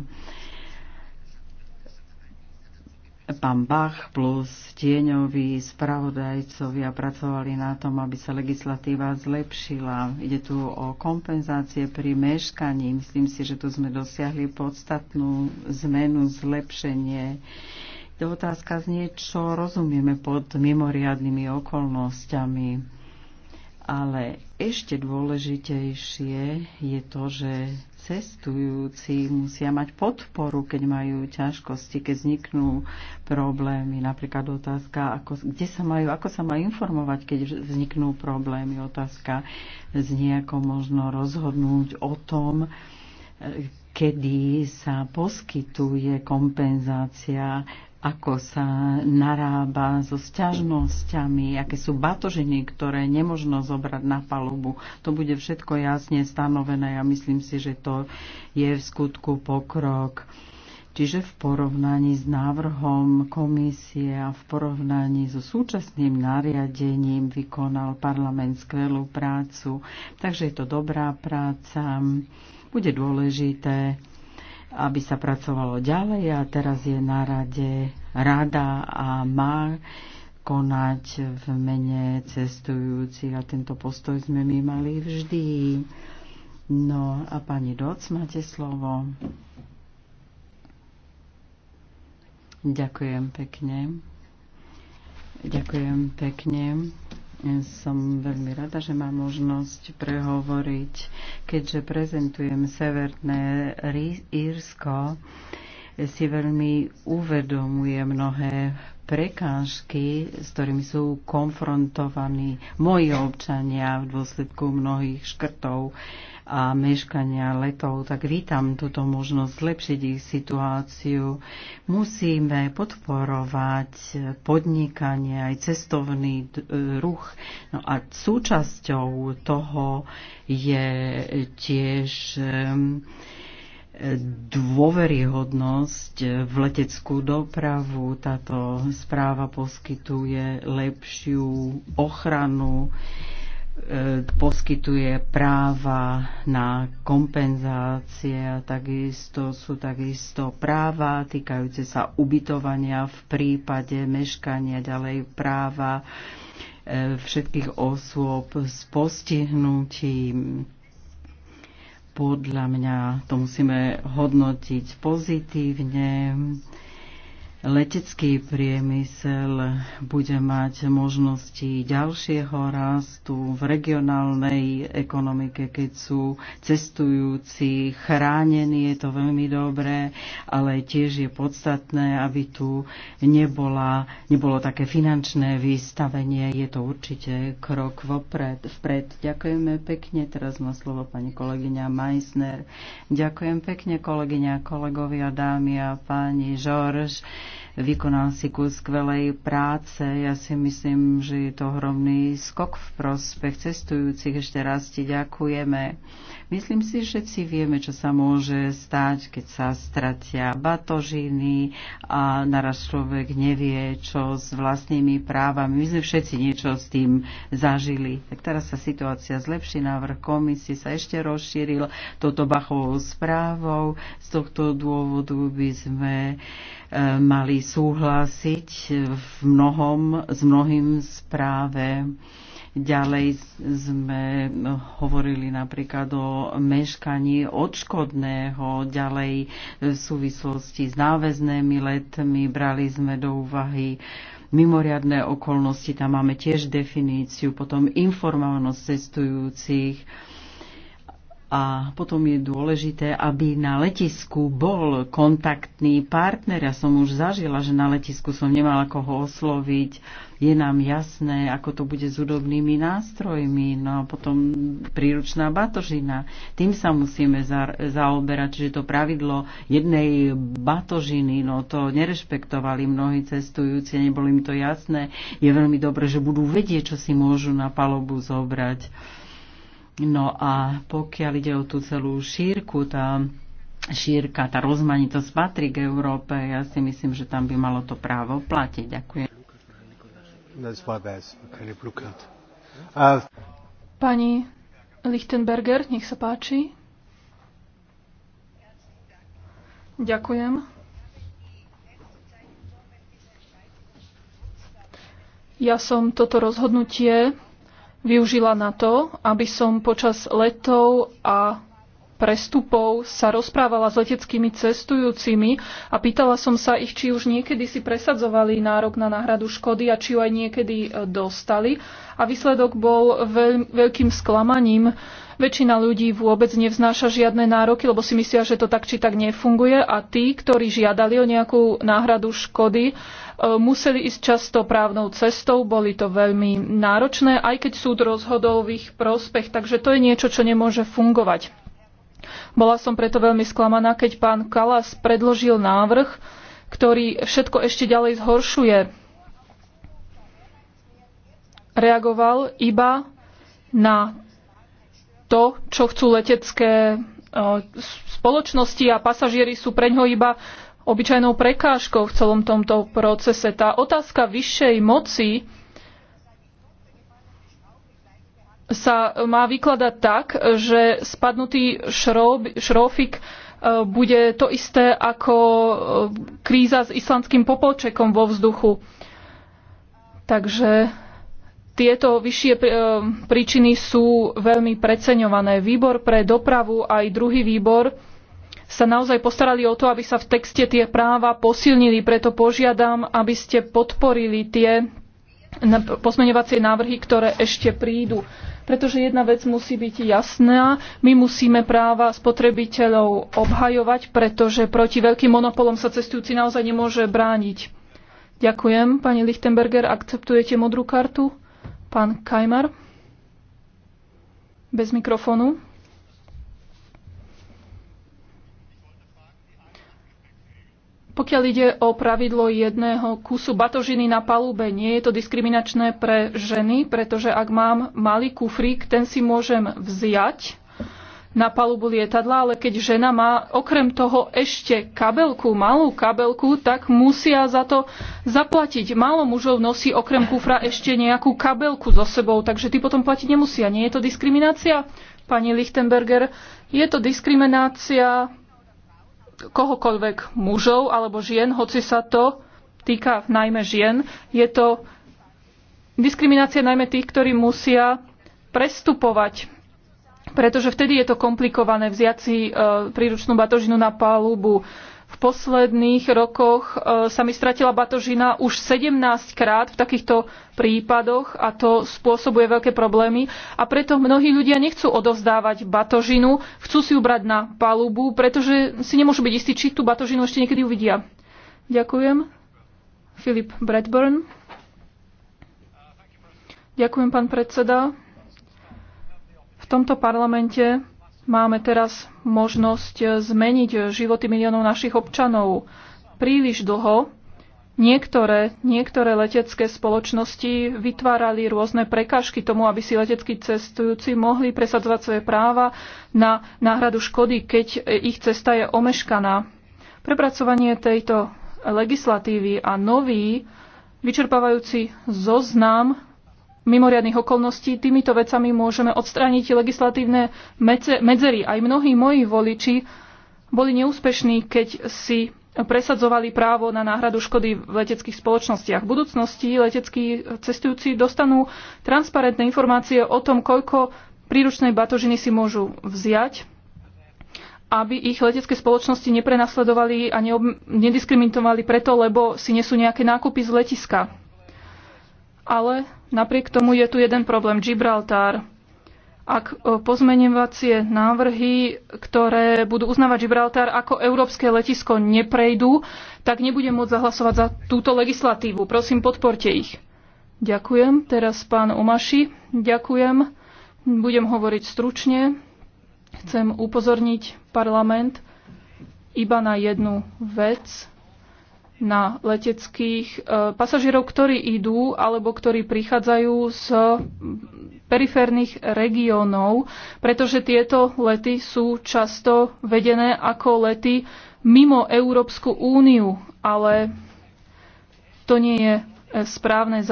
Pán Bach plus tieňoví spravodajcovia pracovali na tom, aby sa legislatíva zlepšila. Ide tu o kompenzácie pri meškaní. Myslím si, že tu sme dosiahli podstatnú zmenu, zlepšenie to otázka znie, čo rozumieme pod mimoriadnými okolnostiami. Ale ešte dôležitejšie je to, že cestujúci musia mať podporu, keď majú ťažkosti, keď vzniknú problémy. Napríklad otázka, ako, kde sa majú, ako sa majú informovať, keď vzniknú problémy. Otázka znie, ako možno rozhodnúť o tom, kedy sa poskytuje kompenzácia ako sa narába so sťažnosťami, aké sú batožiny, ktoré nemožno zobrať na palubu. To bude všetko jasne stanovené a ja myslím si, že to je v skutku pokrok. Čiže v porovnaní s návrhom komisie a v porovnaní so súčasným nariadením vykonal parlament skvelú prácu. Takže je to dobrá práca. Bude dôležité aby sa pracovalo ďalej a teraz je na rade rada a má konať v mene cestujúcich a tento postoj sme my mali vždy. No a pani Doc, máte slovo. Ďakujem pekne. Ďakujem pekne. Som veľmi rada, že mám možnosť prehovoriť, keďže prezentujem Severné Írsko si veľmi uvedomuje mnohé prekážky, s ktorými sú konfrontovaní moji občania v dôsledku mnohých škrtov a meškania letov, tak vítam túto možnosť zlepšiť ich situáciu. Musíme podporovať podnikanie, aj cestovný ruch. No a súčasťou toho je tiež um, dôveryhodnosť v leteckú dopravu. Táto správa poskytuje lepšiu ochranu, e, poskytuje práva na kompenzácie a takisto sú takisto práva týkajúce sa ubytovania v prípade meškania, ďalej práva e, všetkých osôb s postihnutím podľa mňa to musíme hodnotiť pozitívne letecký priemysel bude mať možnosti ďalšieho rastu v regionálnej ekonomike, keď sú cestujúci chránení, je to veľmi dobré, ale tiež je podstatné, aby tu nebola, nebolo také finančné vystavenie. Je to určite krok vopred, vpred. Ďakujeme pekne. Teraz má slovo pani kolegyňa Meissner. Ďakujem pekne kolegyňa, kolegovia, dámy a páni Žorž vykonal si kus skvelej práce. Ja si myslím, že je to ohromný skok v prospech cestujúcich. Ešte raz ti ďakujeme. Myslím si, že všetci vieme, čo sa môže stať, keď sa stratia batožiny a naraz človek nevie, čo s vlastnými právami. My sme všetci niečo s tým zažili. Tak teraz sa situácia zlepší, návrh komisie sa ešte rozšíril toto Bachovou správou. Z tohto dôvodu by sme e, mali súhlasiť v mnohom, s mnohým správe Ďalej sme hovorili napríklad o meškaní odškodného, ďalej v súvislosti s náväznými letmi brali sme do úvahy mimoriadné okolnosti, tam máme tiež definíciu, potom informovanosť cestujúcich, a potom je dôležité, aby na letisku bol kontaktný partner. Ja som už zažila, že na letisku som nemala koho osloviť. Je nám jasné, ako to bude s údobnými nástrojmi. No a potom príručná batožina. Tým sa musíme za- zaoberať, čiže to pravidlo jednej batožiny, no to nerešpektovali mnohí cestujúci, nebolo im to jasné. Je veľmi dobré, že budú vedieť, čo si môžu na palobu zobrať No a pokiaľ ide o tú celú šírku, tá šírka, tá rozmanitosť patrí k Európe, ja si myslím, že tam by malo to právo platiť. Ďakujem. Pani Lichtenberger, nech sa páči. Ďakujem. Ja som toto rozhodnutie využila na to, aby som počas letov a prestupov sa rozprávala s leteckými cestujúcimi a pýtala som sa ich, či už niekedy si presadzovali nárok na náhradu škody a či ju aj niekedy e, dostali. A výsledok bol veľ, veľkým sklamaním. Väčšina ľudí vôbec nevznáša žiadne nároky, lebo si myslia, že to tak či tak nefunguje a tí, ktorí žiadali o nejakú náhradu škody, e, museli ísť často právnou cestou, boli to veľmi náročné, aj keď súd rozhodol v ich prospech, takže to je niečo, čo nemôže fungovať. Bola som preto veľmi sklamaná, keď pán Kalas predložil návrh, ktorý všetko ešte ďalej zhoršuje. Reagoval iba na to, čo chcú letecké e, spoločnosti a pasažieri sú pre ňo iba obyčajnou prekážkou v celom tomto procese. Tá otázka vyššej moci sa má vykladať tak, že spadnutý šrob, šrófik e, bude to isté ako e, kríza s islandským popolčekom vo vzduchu. Takže tieto vyššie e, príčiny sú veľmi preceňované. Výbor pre dopravu aj druhý výbor sa naozaj postarali o to, aby sa v texte tie práva posilnili. Preto požiadam, aby ste podporili tie pozmeňovacie návrhy, ktoré ešte prídu pretože jedna vec musí byť jasná. My musíme práva spotrebiteľov obhajovať, pretože proti veľkým monopolom sa cestujúci naozaj nemôže brániť. Ďakujem, pani Lichtenberger. Akceptujete modrú kartu? Pán Kajmar? Bez mikrofónu. Pokiaľ ide o pravidlo jedného kusu batožiny na palube, nie je to diskriminačné pre ženy, pretože ak mám malý kufrík, ten si môžem vziať na palubu lietadla, ale keď žena má okrem toho ešte kabelku, malú kabelku, tak musia za to zaplatiť. Málo mužov nosí okrem kufra ešte nejakú kabelku so sebou, takže ty potom platiť nemusia. Nie je to diskriminácia, pani Lichtenberger? Je to diskriminácia kohokoľvek mužov alebo žien, hoci sa to týka najmä žien. Je to diskriminácia najmä tých, ktorí musia prestupovať, pretože vtedy je to komplikované vziať si e, príručnú batožinu na palubu, v posledných rokoch e, sa mi stratila batožina už 17 krát v takýchto prípadoch a to spôsobuje veľké problémy a preto mnohí ľudia nechcú odovzdávať batožinu, chcú si ju brať na palubu, pretože si nemôžu byť istí, či tú batožinu ešte niekedy uvidia. Ďakujem. Filip Bradburn. Ďakujem, pán predseda. V tomto parlamente Máme teraz možnosť eh, zmeniť eh, životy miliónov našich občanov. Príliš dlho Niektoré, niektoré letecké spoločnosti vytvárali rôzne prekážky tomu, aby si leteckí cestujúci mohli presadzovať svoje práva na náhradu škody, keď eh, ich cesta je omeškaná. Prepracovanie tejto legislatívy a nový vyčerpávajúci zoznam mimoriadných okolností týmito vecami môžeme odstrániť legislatívne medzery. Aj mnohí moji voliči boli neúspešní, keď si presadzovali právo na náhradu škody v leteckých spoločnostiach. V budúcnosti leteckí cestujúci dostanú transparentné informácie o tom, koľko príručnej batožiny si môžu vziať, aby ich letecké spoločnosti neprenasledovali a nediskriminovali preto, lebo si nesú nejaké nákupy z letiska. Ale Napriek tomu je tu jeden problém, Gibraltar. Ak e, pozmenovacie návrhy, ktoré budú uznávať Gibraltar ako európske letisko, neprejdú, tak nebudem môcť zahlasovať za túto legislatívu. Prosím, podporte ich. Ďakujem. Teraz pán Omaši. Ďakujem. Budem hovoriť stručne. Chcem upozorniť parlament iba na jednu vec na leteckých e, pasažierov, ktorí idú alebo ktorí prichádzajú z periférnych regiónov, pretože tieto lety sú často vedené ako lety mimo Európsku úniu, ale to nie je e, správne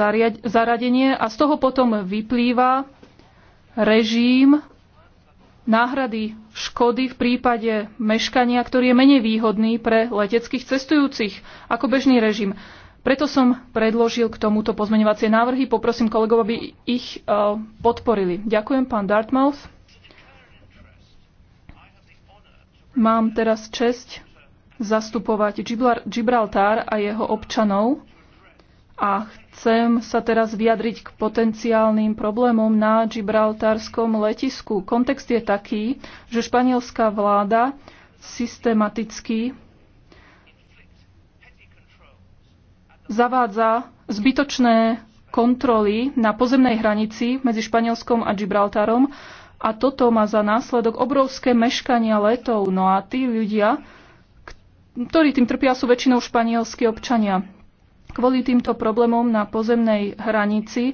zaradenie a z toho potom vyplýva režim náhrady škody v prípade meškania, ktorý je menej výhodný pre leteckých cestujúcich ako bežný režim. Preto som predložil k tomuto pozmeňovacie návrhy. Poprosím kolegov, aby ich e, podporili. Ďakujem, pán Dartmouth. Mám teraz česť zastupovať Gibraltár a jeho občanov a chcem sa teraz vyjadriť k potenciálnym problémom na Gibraltárskom letisku. Kontext je taký, že španielská vláda systematicky zavádza zbytočné kontroly na pozemnej hranici medzi Španielskom a Gibraltárom a toto má za následok obrovské meškania letov. No a tí ľudia, ktorí tým trpia, sú väčšinou španielskí občania kvôli týmto problémom na pozemnej hranici e,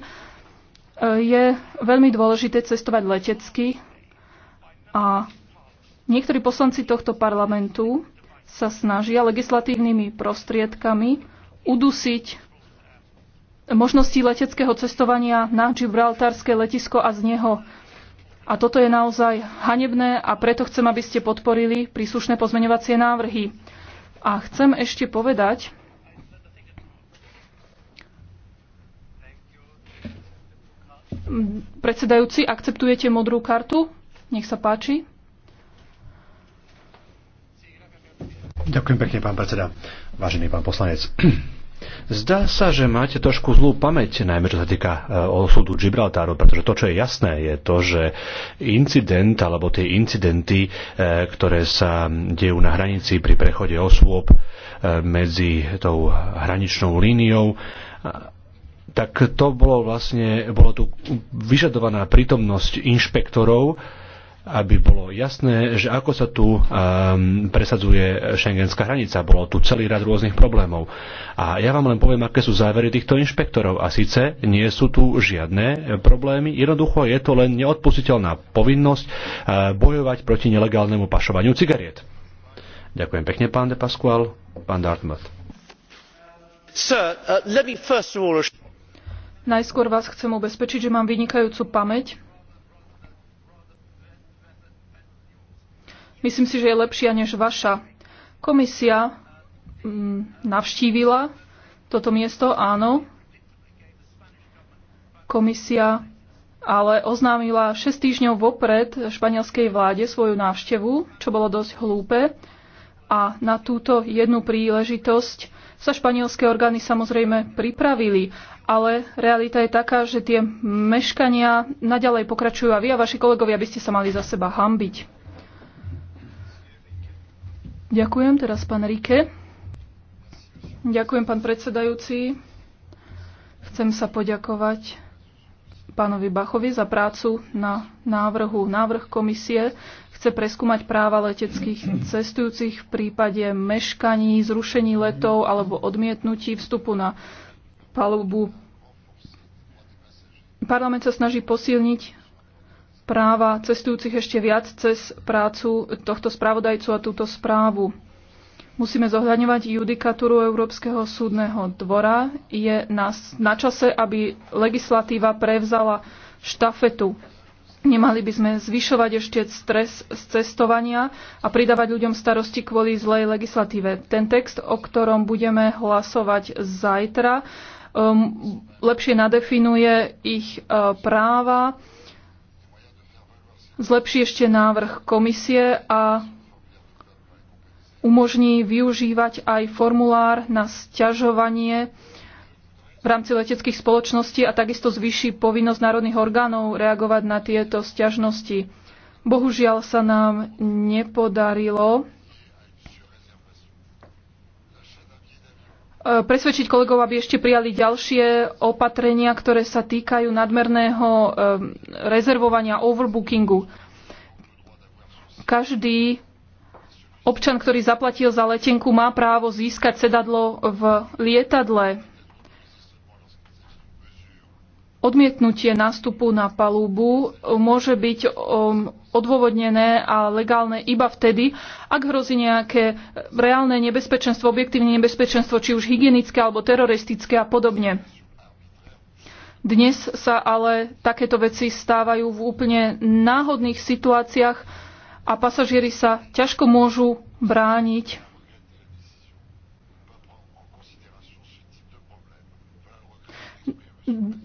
je veľmi dôležité cestovať letecky a niektorí poslanci tohto parlamentu sa snažia legislatívnymi prostriedkami udusiť možnosti leteckého cestovania na Gibraltárske letisko a z neho. A toto je naozaj hanebné a preto chcem, aby ste podporili príslušné pozmeňovacie návrhy. A chcem ešte povedať, Predsedajúci, akceptujete modrú kartu? Nech sa páči. Ďakujem pekne, pán predseda. Vážený pán poslanec. Zdá sa, že máte trošku zlú pamäť, najmä čo sa týka e, osudu Gibraltáru, pretože to, čo je jasné, je to, že incident alebo tie incidenty, e, ktoré sa dejú na hranici pri prechode osôb e, medzi tou hraničnou líniou tak to bolo vlastne, bolo tu vyžadovaná prítomnosť inšpektorov, aby bolo jasné, že ako sa tu um, presadzuje šengenská hranica. Bolo tu celý rad rôznych problémov. A ja vám len poviem, aké sú závery týchto inšpektorov. A síce nie sú tu žiadne problémy. Jednoducho je to len neodpustiteľná povinnosť uh, bojovať proti nelegálnemu pašovaniu cigariet. Ďakujem pekne, pán de Pasqual, pán Dartmouth. Sir, uh, let me first of all... Najskôr vás chcem ubezpečiť, že mám vynikajúcu pamäť. Myslím si, že je lepšia než vaša. Komisia mm, navštívila toto miesto, áno. Komisia ale oznámila 6 týždňov vopred španielskej vláde svoju návštevu, čo bolo dosť hlúpe. A na túto jednu príležitosť sa španielské orgány samozrejme pripravili, ale realita je taká, že tie meškania naďalej pokračujú a vy a vaši kolegovia by ste sa mali za seba hambiť. Ďakujem teraz pán Rike. Ďakujem pán predsedajúci. Chcem sa poďakovať pánovi Bachovi za prácu na návrhu. Návrh komisie chce preskúmať práva leteckých cestujúcich v prípade meškaní, zrušení letov alebo odmietnutí vstupu na palubu. Parlament sa snaží posilniť práva cestujúcich ešte viac cez prácu tohto spravodajcu a túto správu. Musíme zohľadňovať judikatúru Európskeho súdneho dvora. Je na, na čase, aby legislatíva prevzala štafetu. Nemali by sme zvyšovať ešte stres z cestovania a pridávať ľuďom starosti kvôli zlej legislatíve. Ten text, o ktorom budeme hlasovať zajtra, Um, lepšie nadefinuje ich uh, práva, zlepší ešte návrh komisie a umožní využívať aj formulár na sťažovanie v rámci leteckých spoločností a takisto zvýši povinnosť národných orgánov reagovať na tieto sťažnosti. Bohužiaľ sa nám nepodarilo E, presvedčiť kolegov, aby ešte prijali ďalšie opatrenia, ktoré sa týkajú nadmerného e, rezervovania overbookingu. Každý občan, ktorý zaplatil za letenku, má právo získať sedadlo v lietadle. Odmietnutie nástupu na palubu e, môže byť e, odôvodnené a legálne iba vtedy, ak hrozí nejaké reálne nebezpečenstvo, objektívne nebezpečenstvo, či už hygienické alebo teroristické a podobne. Dnes sa ale takéto veci stávajú v úplne náhodných situáciách a pasažieri sa ťažko môžu brániť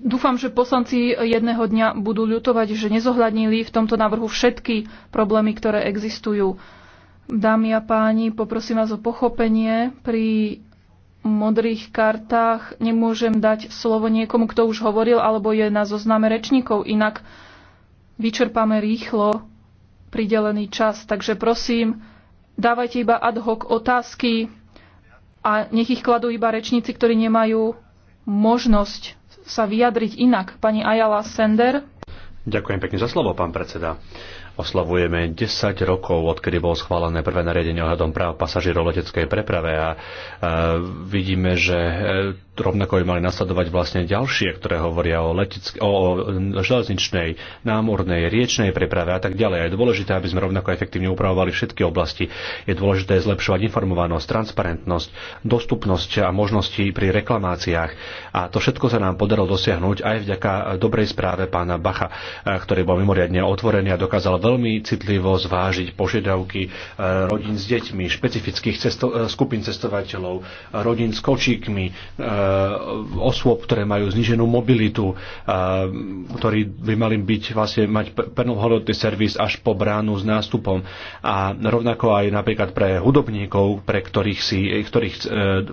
Dúfam, že poslanci jedného dňa budú ľutovať, že nezohľadnili v tomto návrhu všetky problémy, ktoré existujú. Dámy a páni, poprosím vás o pochopenie. Pri modrých kartách nemôžem dať slovo niekomu, kto už hovoril alebo je na zozname rečníkov, inak vyčerpáme rýchlo pridelený čas. Takže prosím, dávajte iba ad hoc otázky a nech ich kladú iba rečníci, ktorí nemajú možnosť sa vyjadriť inak. Pani Ayala Sender. Ďakujem pekne za slovo, pán predseda. Oslavujeme 10 rokov, odkedy bolo schválené prvé nariadenie ohľadom práv pasažierov leteckej preprave a vidíme, že e, rovnako by mali nasledovať vlastne ďalšie, ktoré hovoria o, leteck- o železničnej, námornej, riečnej preprave a tak ďalej. Je dôležité, aby sme rovnako efektívne upravovali všetky oblasti. Je dôležité zlepšovať informovanosť, transparentnosť, dostupnosť a možnosti pri reklamáciách. A to všetko sa nám podarilo dosiahnuť aj vďaka dobrej správe pána Bacha, e, ktorý bol mimoriadne otvorený a dokázal veľmi citlivo zvážiť požiadavky e, rodín s deťmi, špecifických cesto- e, skupín cestovateľov, rodín s kočíkmi, e, osôb, ktoré majú zniženú mobilitu, ktorí by mali byť vlastne mať plnohodnotný servis až po bránu s nástupom. A rovnako aj napríklad pre hudobníkov, pre ktorých, si, ktorých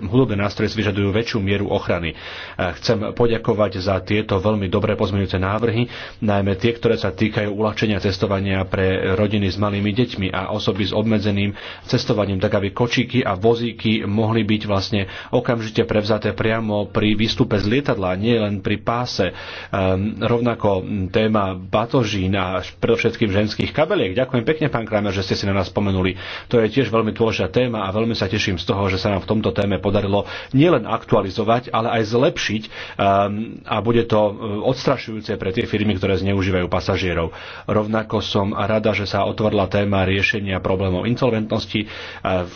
hudobné nástroje vyžadujú väčšiu mieru ochrany. Chcem poďakovať za tieto veľmi dobré pozmeňujúce návrhy, najmä tie, ktoré sa týkajú uľahčenia cestovania pre rodiny s malými deťmi a osoby s obmedzeným cestovaním, tak aby kočíky a vozíky mohli byť vlastne okamžite prevzaté priamo pri výstupe z lietadla, nie len pri páse. Um, rovnako téma batožín a predovšetkým ženských kabeliek. Ďakujem pekne, pán Kramer, že ste si na nás spomenuli. To je tiež veľmi dôležitá téma a veľmi sa teším z toho, že sa nám v tomto téme podarilo nielen aktualizovať, ale aj zlepšiť um, a bude to e, odstrašujúce pre tie firmy, ktoré zneužívajú pasažierov. Rovnako som a rada, že sa otvorila téma riešenia problémov insolventnosti e,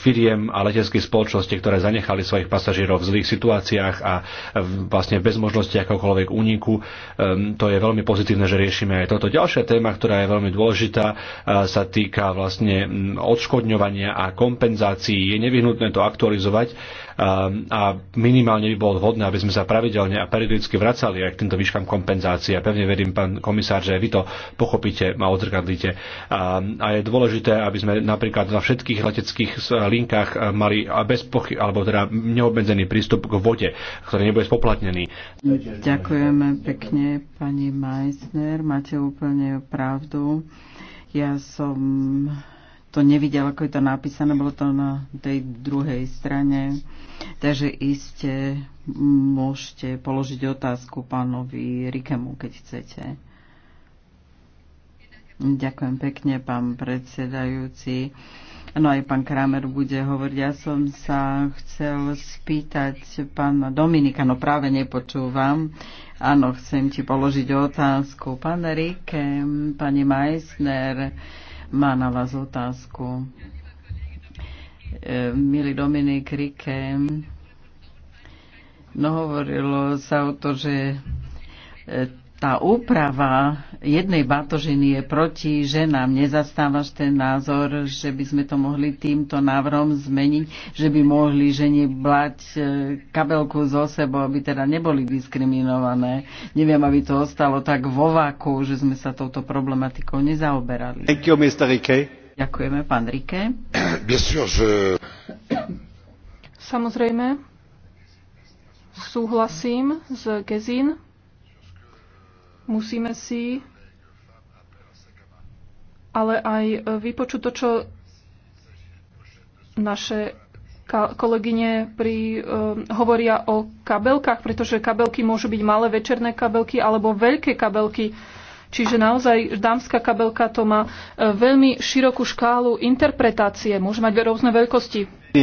firiem a leteckých spoločnosti, ktoré zanechali svojich pasažierov v zlých situáciách a e, vlastne bez možnosti akokoľvek úniku. E, to je veľmi pozitívne, že riešime aj toto. Ďalšia téma, ktorá je veľmi dôležitá, sa týka vlastne odškodňovania a kompenzácií. Je nevyhnutné to aktualizovať Ehm, a minimálne by bolo vhodné, aby sme sa pravidelne a periodicky vracali aj k týmto výškam kompenzácie. A pevne verím, pán komisár, že vy to pochopíte a odzrkadlíte. A, ehm, a je dôležité, aby sme napríklad na všetkých leteckých linkách ehm, mali bez pochy, alebo teda neobmedzený prístup k vode, ktorý nebude spoplatnený. Ďakujeme pekne, pani Meissner. Máte úplne pravdu. Ja som to nevidel, ako je to napísané, bolo to na tej druhej strane. Takže iste môžete položiť otázku pánovi Rikemu, keď chcete. Ďakujem pekne, pán predsedajúci. No aj pán Kramer bude hovoriť. Ja som sa chcel spýtať pána Dominika, no práve nepočúvam. Áno, chcem ti položiť otázku. Pán Rikem, pani Meissner má na vás otázku. E, milý Dominik Rike, no hovorilo sa o to, že e, tá úprava jednej batožiny je proti ženám. Nezastávaš ten názor, že by sme to mohli týmto návrhom zmeniť, že by mohli ženi blať e, kabelku zo sebou, aby teda neboli diskriminované. Neviem, aby to ostalo tak vo váku, že sme sa touto problematikou nezaoberali. Thank you, Mr. Rickey. Ďakujeme, pán Rike. Samozrejme, súhlasím s Gezin. Musíme si ale aj vypočuť to, čo naše kolegyne pri, um, hovoria o kabelkách, pretože kabelky môžu byť malé večerné kabelky alebo veľké kabelky. Čiže naozaj dámska kabelka to má e, veľmi širokú škálu interpretácie. Môže mať rôzne veľkosti.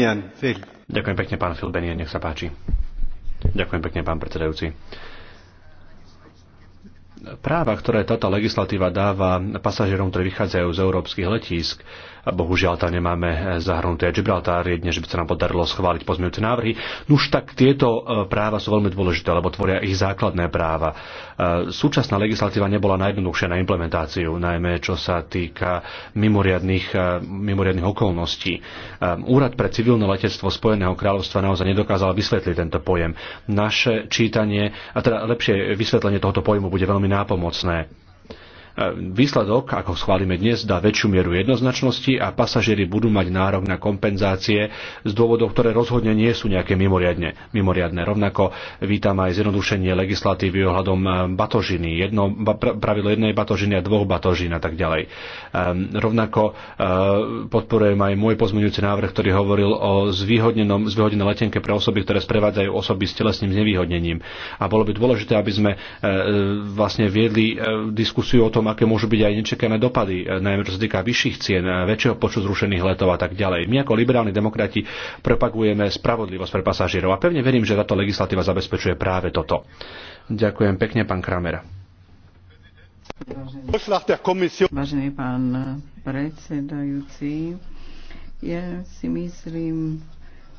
Ďakujem pekne, pán Filbenian, nech sa páči. Ďakujem pekne, pán predsedajúci práva, ktoré táto legislatíva dáva pasažierom, ktorí vychádzajú z európskych letísk, Bohužiaľ tam nemáme e, zahrnuté Gibraltár, jedne, že by sa nám podarilo schváliť pozmeňujúce návrhy. No už tak tieto e, práva sú veľmi dôležité, lebo tvoria ich základné práva. E, súčasná legislatíva nebola najjednoduchšia na implementáciu, najmä čo sa týka mimoriadných, mimoriadných okolností. Úrad pre civilné letectvo Spojeného kráľovstva naozaj nedokázal vysvetliť tento pojem. Naše čítanie, a teda lepšie vysvetlenie tohoto pojmu bude veľmi nápomocné. Výsledok, ako schválime dnes, dá väčšiu mieru jednoznačnosti a pasažieri budú mať nárok na kompenzácie z dôvodov, ktoré rozhodne nie sú nejaké mimoriadne. mimoriadne. Rovnako vítam aj zjednodušenie legislatívy ohľadom eh, batožiny, jedno, pravidlo jednej batožiny a dvoch batožín a tak ďalej. Ehm, rovnako eh, podporujem aj môj pozmeňujúci návrh, ktorý hovoril o zvýhodnenom, zvýhodnenej letenke pre osoby, ktoré sprevádzajú osoby s telesným znevýhodnením. A bolo by dôležité, aby sme eh, vlastne viedli diskusiu o tom, tom, aké môžu byť aj nečakané dopady, e, najmä čo sa týka vyšších cien, e, väčšieho počtu zrušených letov a tak ďalej. My ako liberálni demokrati propagujeme spravodlivosť pre pasažierov a pevne verím, že táto legislatíva zabezpečuje práve toto. Ďakujem pekne, pán Kramer. Vážený pán predsedajúci, ja si myslím,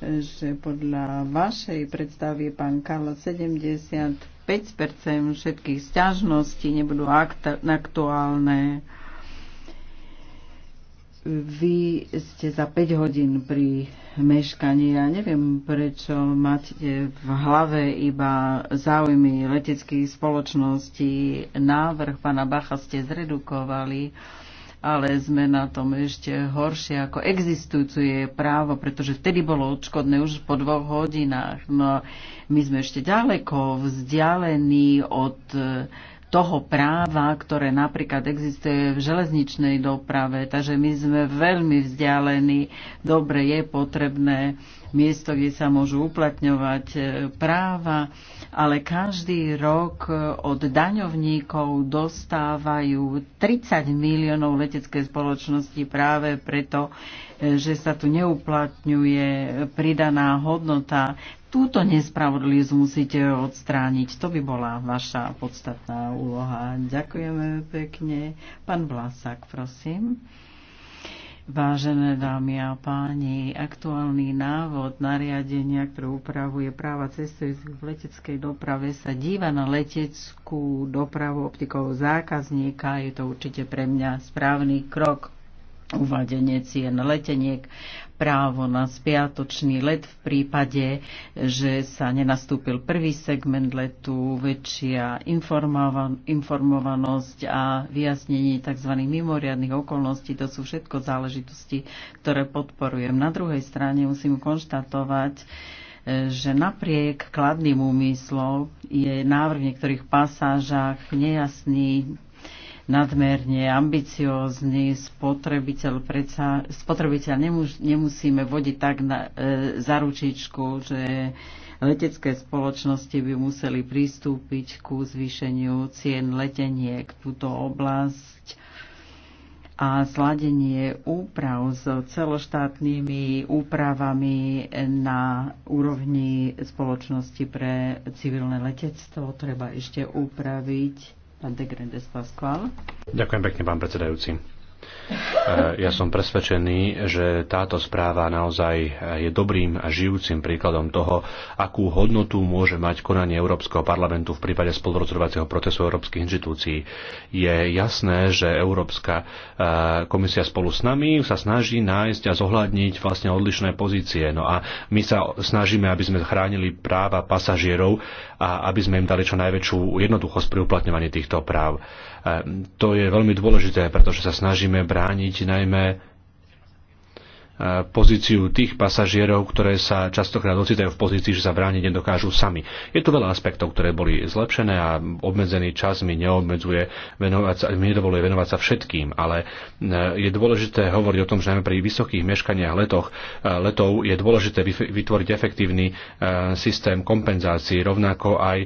že podľa vašej predstavy, pán Karlo, 70 5% všetkých sťažností nebudú aktuálne. Vy ste za 5 hodín pri meškaní. Ja neviem, prečo máte v hlave iba záujmy leteckých spoločností. Návrh pána Bacha ste zredukovali ale sme na tom ešte horšie ako existujúce právo, pretože vtedy bolo odškodné už po dvoch hodinách. No my sme ešte ďaleko vzdialení od e, toho práva, ktoré napríklad existuje v železničnej doprave. Takže my sme veľmi vzdialení. Dobre, je potrebné miesto, kde sa môžu uplatňovať e, práva, ale každý rok e, od daňovníkov dostávajú 30 miliónov letecké spoločnosti práve preto, e, že sa tu neuplatňuje pridaná hodnota. Túto nespravodlivosť musíte odstrániť. To by bola vaša podstatná úloha. Ďakujeme pekne. Pán Vlasák, prosím. Vážené dámy a páni, aktuálny návod nariadenia, ktoré upravuje práva cestujúcich v leteckej doprave, sa díva na leteckú dopravu optikou zákazníka. Je to určite pre mňa správny krok uvadenie cien leteniek, právo na spiatočný let v prípade, že sa nenastúpil prvý segment letu, väčšia informovanosť a vyjasnenie tzv. mimoriadných okolností. To sú všetko záležitosti, ktoré podporujem. Na druhej strane musím konštatovať, že napriek kladným úmyslom je návrh v niektorých pasážach nejasný, nadmerne ambiciózny, spotrebiteľ, predsa, spotrebiteľ nemus, nemusíme vodiť tak na, e, za ručičku, že letecké spoločnosti by museli pristúpiť ku zvýšeniu cien leteniek. Túto oblasť a zladenie úprav s celoštátnymi úpravami na úrovni spoločnosti pre civilné letectvo treba ešte upraviť. Pán de Pascual. Ďakujem pekne, pán predsedajúci. Eh, ja som presvedčený, že táto správa naozaj je dobrým a žijúcim príkladom toho, akú hodnotu môže mať konanie Európskeho parlamentu v prípade spolurozhodovacieho procesu európskych inštitúcií. Je jasné, že Európska eh, komisia spolu s nami sa snaží nájsť a zohľadniť vlastne odlišné pozície. No a my sa snažíme, aby sme chránili práva pasažierov a aby sme im dali čo najväčšiu jednoduchosť pri uplatňovaní týchto práv. Ehm, to je veľmi dôležité, pretože sa snažíme brániť najmä pozíciu tých pasažierov, ktoré sa častokrát ocitajú v pozícii, že sa brániť nedokážu sami. Je tu veľa aspektov, ktoré boli zlepšené a obmedzený čas mi neobmedzuje venovať sa, mi nedovoluje venovať sa všetkým, ale eh, je dôležité hovoriť o tom, že najmä pri vysokých meškaniach letoch, eh, letov je dôležité vytvoriť efektívny eh, systém kompenzácií, rovnako aj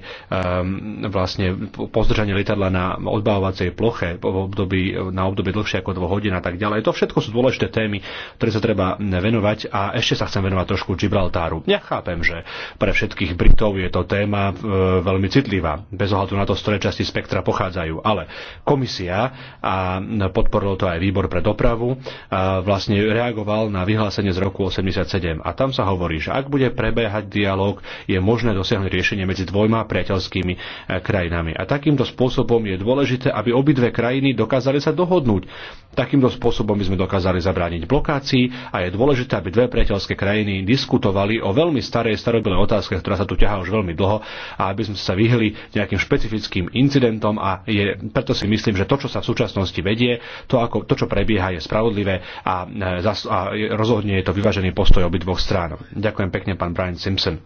vlastne pozdržanie lietadla na odbavovacej ploche v období, na obdobie dlhšie ako dvoch hodín a tak ďalej. To všetko sú dôležité témy, ktoré sa treba treba venovať a ešte sa chcem venovať trošku Gibraltáru. Ja chápem, že pre všetkých Britov je to téma e, veľmi citlivá, bez ohľadu na to, z ktorej časti spektra pochádzajú, ale komisia a podporil to aj výbor pre dopravu, a e, vlastne reagoval na vyhlásenie z roku 87 a tam sa hovorí, že ak bude prebiehať dialog, je možné dosiahnuť riešenie medzi dvojma priateľskými e, krajinami. A takýmto spôsobom je dôležité, aby obidve krajiny dokázali sa dohodnúť Takýmto spôsobom by sme dokázali zabrániť blokácii a je dôležité, aby dve priateľské krajiny diskutovali o veľmi starej, starobile otázke, ktorá sa tu ťahá už veľmi dlho a aby sme sa vyhli nejakým špecifickým incidentom a je, preto si myslím, že to, čo sa v súčasnosti vedie, to, ako, to čo prebieha, je spravodlivé a, e, a rozhodne je to vyvážený postoj obidvoch strán. Ďakujem pekne, pán Brian Simpson.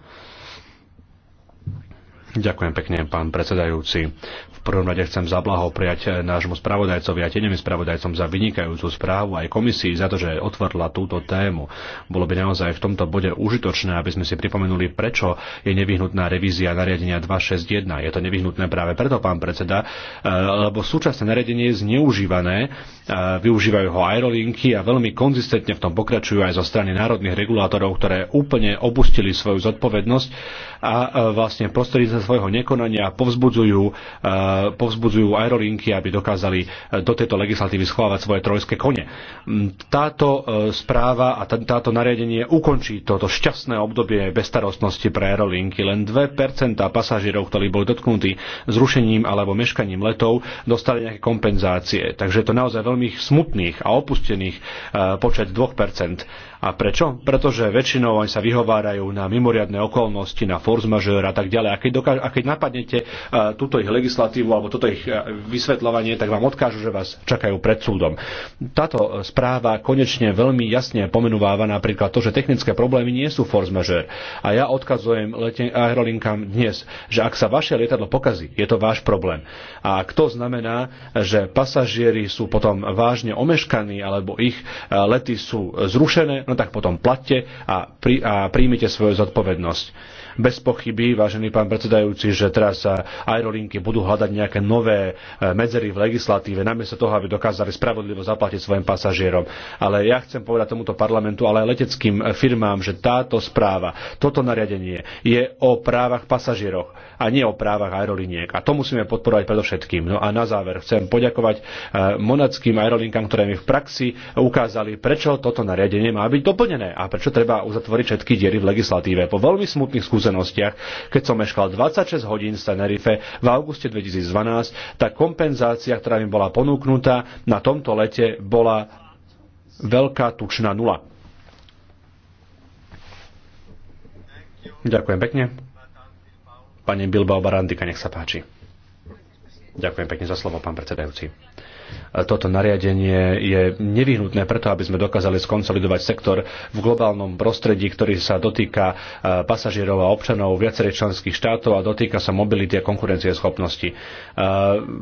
Ďakujem pekne, pán predsedajúci. V prvom rade chcem zablahopriať eh, nášmu spravodajcovi a tenemi spravodajcom za vynikajúcu správu aj komisii za to, že otvorila túto tému. Bolo by naozaj v tomto bode užitočné, aby sme si pripomenuli, prečo je nevyhnutná revízia nariadenia 261. Je to nevyhnutné práve preto, pán predseda, eh, lebo súčasné nariadenie je zneužívané, eh, využívajú ho aerolinky a veľmi konzistentne v tom pokračujú aj zo strany národných regulátorov, ktoré úplne opustili svoju zodpovednosť a vlastne prostredníctvom svojho nekonania povzbudzujú, e, povzbudzujú aerolinky, aby dokázali e, do tejto legislatívy schovávať svoje trojské kone. Mm, táto e, správa a táto nariadenie ukončí toto šťastné obdobie bezstarostnosti pre aerolinky. Len 2% pasažierov, ktorí boli dotknutí zrušením alebo meškaním letov, dostali nejaké kompenzácie. Takže je to naozaj veľmi smutných a opustených počet 2%. A prečo? Pretože väčšinou oni sa vyhovárajú na mimoriadne okolnosti, na force majeure a tak ďalej. A keď, dokáž, a keď napadnete uh, túto ich legislatívu alebo toto ich uh, vysvetľovanie, tak vám odkážu, že vás čakajú pred súdom. Táto e, správa konečne veľmi jasne pomenúváva napríklad to, že technické problémy nie sú force majeure. A ja odkazujem leten- aerolinkám dnes, že ak sa vaše lietadlo pokazí, je to váš problém. A to znamená, že pasažieri sú potom vážne omeškaní alebo ich lety sú zrušené, no tak potom platte a, pri, a príjmite svoju zodpovednosť bez pochyby, vážený pán predsedajúci, že teraz aerolinky budú hľadať nejaké nové e, medzery v legislatíve, namiesto toho, aby dokázali spravodlivo zaplatiť svojim pasažierom. Ale ja chcem povedať tomuto parlamentu, ale aj leteckým firmám, že táto správa, toto nariadenie je o právach pasažierov a nie o právach aeroliniek. A to musíme podporovať predovšetkým. No a na záver chcem poďakovať e, monackým aerolinkám, ktoré mi v praxi ukázali, prečo toto nariadenie má byť doplnené a prečo treba uzatvoriť všetky diery v legislatíve. Po veľmi smutných skúsenostiach skúsenostiach. Keď som meškal 26 hodín z Tenerife v auguste 2012, tá kompenzácia, ktorá mi bola ponúknutá na tomto lete, bola veľká tučná nula. Ďakujem pekne. Pane Bilbao Barandika, nech sa páči. Ďakujem pekne za slovo, pán predsedajúci toto nariadenie je nevyhnutné preto, aby sme dokázali skonsolidovať sektor v globálnom prostredí, ktorý sa dotýka e, pasažierov a občanov viacerých členských štátov a dotýka sa mobility a konkurencieschopnosti. E,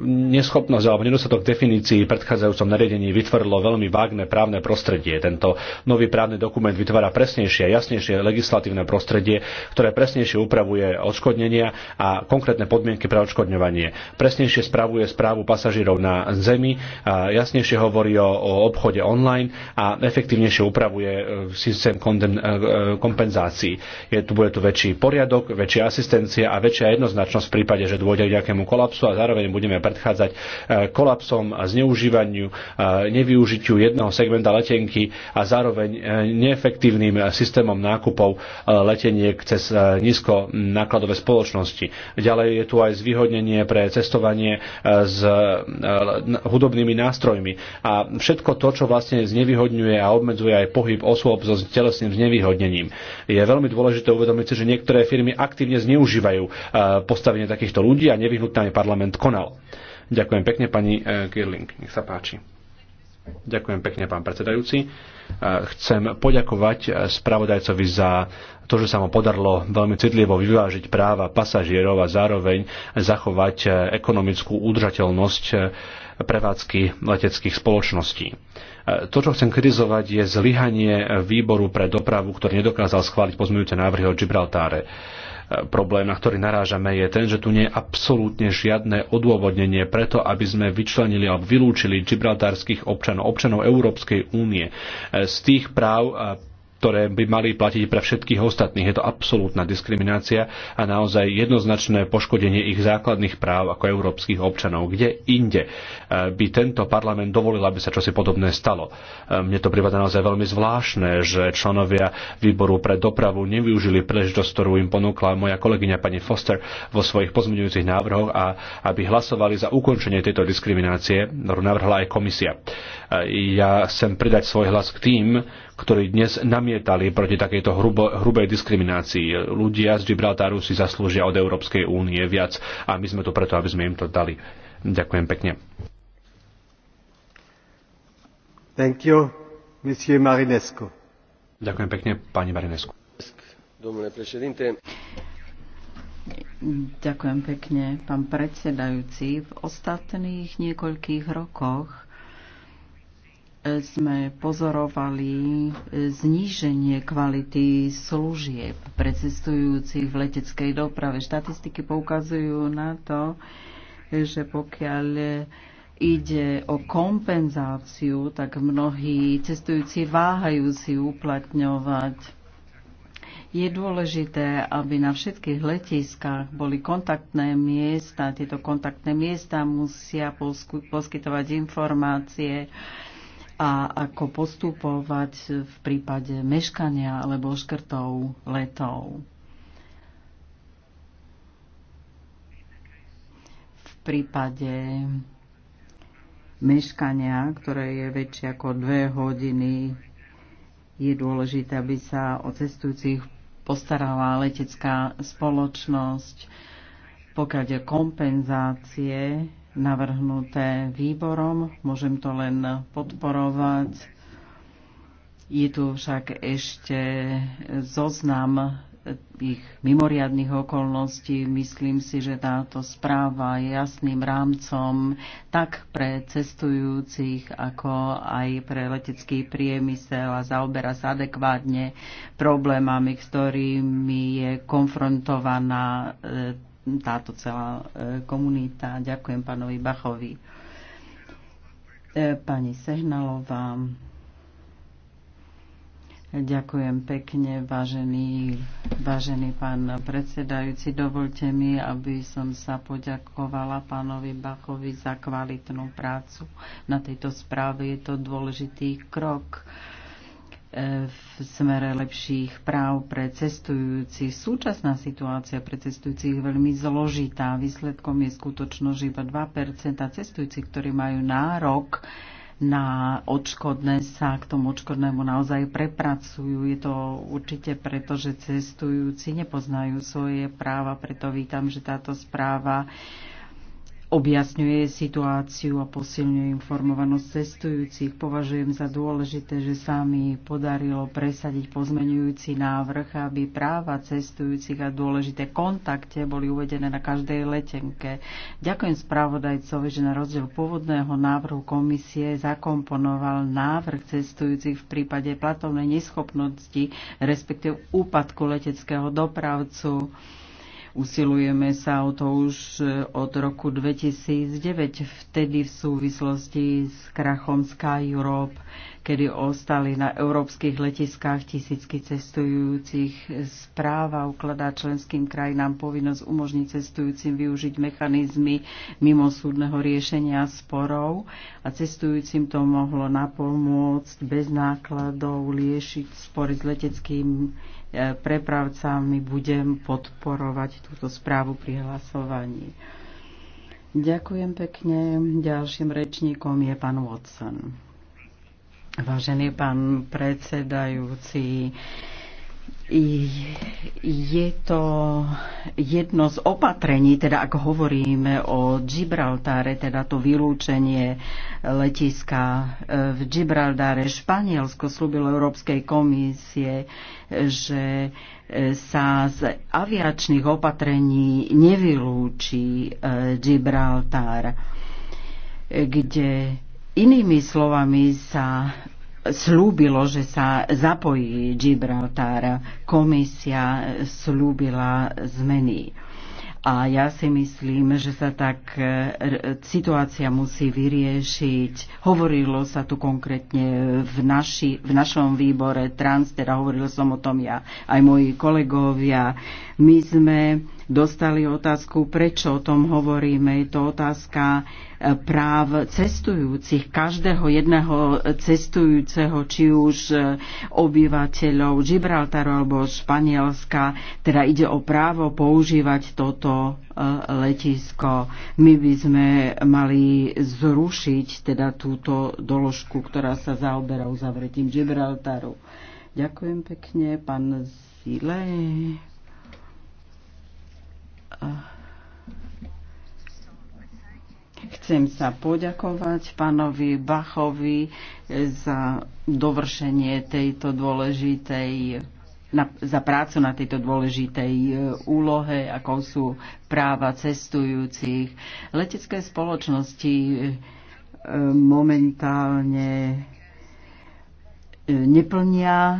neschopnosť alebo nedostatok definícií v predchádzajúcom nariadení vytvorilo veľmi vágne právne prostredie. Tento nový právny dokument vytvára presnejšie a jasnejšie legislatívne prostredie, ktoré presnejšie upravuje odškodnenia a konkrétne podmienky pre odškodňovanie. Presnejšie spravuje správu pasažierov na zemi jasnejšie hovorí o, o obchode online a efektívnejšie upravuje e, systém e, e, kompenzácií. Je tu, bude tu väčší poriadok, väčšia asistencia a väčšia jednoznačnosť v prípade, že dôjde k nejakému kolapsu a zároveň budeme predchádzať kolapsom, a zneužívaniu, nevyužitiu jedného segmenta letenky a zároveň neefektívnym systémom nákupov leteniek cez nízko nákladové spoločnosti. Ďalej je tu aj zvýhodnenie pre cestovanie z hudobnými nástrojmi. A všetko to, čo vlastne znevýhodňuje a obmedzuje aj pohyb osôb so telesným znevýhodnením. Je veľmi dôležité uvedomiť si, že niektoré firmy aktívne zneužívajú e, postavenie takýchto ľudí a nevyhnutne parlament konal. Ďakujem pekne, pani Kirling. E, Nech sa páči. Ďakujem pekne, pán predsedajúci. E, chcem poďakovať spravodajcovi za to, že sa mu podarilo veľmi citlivo vyvážiť práva pasažierov a zároveň zachovať ekonomickú udržateľnosť prevádzky leteckých spoločností. E, to, čo chcem kritizovať, je zlyhanie výboru pre dopravu, ktorý nedokázal schváliť pozmeňujúce návrhy o Gibraltáre e, problém, na ktorý narážame, je ten, že tu nie je absolútne žiadne odôvodnenie preto, aby sme vyčlenili alebo vylúčili gibraltárskych občanov, občanov Európskej únie e, z tých práv ktoré by mali platiť pre všetkých ostatných. Je to absolútna diskriminácia a naozaj jednoznačné poškodenie ich základných práv ako európskych občanov. Kde inde e, by tento parlament dovolil, aby sa čosi podobné stalo? E, mne to prípada naozaj veľmi zvláštne, že členovia výboru pre dopravu nevyužili príležitosť, ktorú im ponúkla moja kolegyňa pani Foster vo svojich pozmeňujúcich návrhoch a aby hlasovali za ukončenie tejto diskriminácie, ktorú navrhla aj komisia. E, ja chcem pridať svoj hlas k tým, ktorí dnes namietali proti takejto hrubo, hrubej diskriminácii. Ľudia z Gibraltáru si zaslúžia od Európskej únie viac a my sme tu preto, aby sme im to dali. Ďakujem pekne. Thank you, Monsieur Marinescu. Ďakujem pekne, pani Marinescu. Domnule Ďakujem pekne, pán predsedajúci. V ostatných niekoľkých rokoch sme pozorovali zníženie kvality služieb pre cestujúcich v leteckej doprave. Štatistiky poukazujú na to, že pokiaľ ide o kompenzáciu, tak mnohí cestujúci váhajú si uplatňovať. Je dôležité, aby na všetkých letiskách boli kontaktné miesta. Tieto kontaktné miesta musia poskytovať informácie a ako postupovať v prípade meškania alebo škrtov letov. V prípade meškania, ktoré je väčšie ako dve hodiny, je dôležité, aby sa o cestujúcich postarala letecká spoločnosť. Pokiaľ je kompenzácie, navrhnuté výborom. Môžem to len podporovať. Je tu však ešte zoznam ich mimoriadných okolností. Myslím si, že táto správa je jasným rámcom tak pre cestujúcich, ako aj pre letecký priemysel a zaoberá sa adekvátne problémami, ktorými je konfrontovaná e, táto celá e, komunita. Ďakujem pánovi Bachovi. E, pani Sehnalová, Ďakujem pekne, vážený, vážený pán predsedajúci. Dovolte mi, aby som sa poďakovala pánovi Bachovi za kvalitnú prácu. Na tejto správe je to dôležitý krok E, v smere lepších práv pre cestujúcich. Súčasná situácia pre cestujúcich je veľmi zložitá. Výsledkom je skutočnosť, že iba 2% cestujúcich, ktorí majú nárok na odškodné, sa k tomu odškodnému naozaj prepracujú. Je to určite preto, že cestujúci nepoznajú svoje práva, preto vítam, že táto správa objasňuje situáciu a posilňuje informovanosť cestujúcich. Považujem za dôležité, že sa mi podarilo presadiť pozmenujúci návrh, aby práva cestujúcich a dôležité kontakte boli uvedené na každej letenke. Ďakujem spravodajcovi, že na rozdiel pôvodného návrhu komisie zakomponoval návrh cestujúcich v prípade platovnej neschopnosti, respektíve úpadku leteckého dopravcu. Usilujeme sa o to už e, od roku 2009, vtedy v súvislosti s krachom Sky Europe, kedy ostali na európskych letiskách tisícky cestujúcich. Správa ukladá členským krajinám povinnosť umožniť cestujúcim využiť mechanizmy mimosúdneho riešenia sporov a cestujúcim to mohlo napomôcť bez nákladov liešiť spory s leteckým prepravcami. Budem podporovať túto správu pri hlasovaní. Ďakujem pekne. Ďalším rečníkom je pán Watson. Vážený pán predsedajúci, je to jedno z opatrení, teda ak hovoríme o Gibraltáre, teda to vylúčenie letiska v Gibraltáre. Španielsko slúbilo Európskej komisie, že sa z aviačných opatrení nevylúči e, Gibraltár, kde Inými slovami sa slúbilo, že sa zapojí Gibraltar. Komisia slúbila zmeny. A ja si myslím, že sa tak e, situácia musí vyriešiť. Hovorilo sa tu konkrétne v, naši, v našom výbore Trans, teda hovoril som o tom ja aj moji kolegovia. My sme dostali otázku, prečo o tom hovoríme. Je to otázka e, práv cestujúcich, každého jedného cestujúceho, či už e, obyvateľov Gibraltaru alebo Španielska, teda ide o právo používať toto e, letisko. My by sme mali zrušiť teda túto doložku, ktorá sa zaoberá uzavretím Gibraltaru. Ďakujem pekne, pán Zile. Chcem sa poďakovať pánovi Bachovi za dovršenie tejto dôležitej na, za prácu na tejto dôležitej e, úlohe, ako sú práva cestujúcich. Letecké spoločnosti e, momentálne E, neplnia e,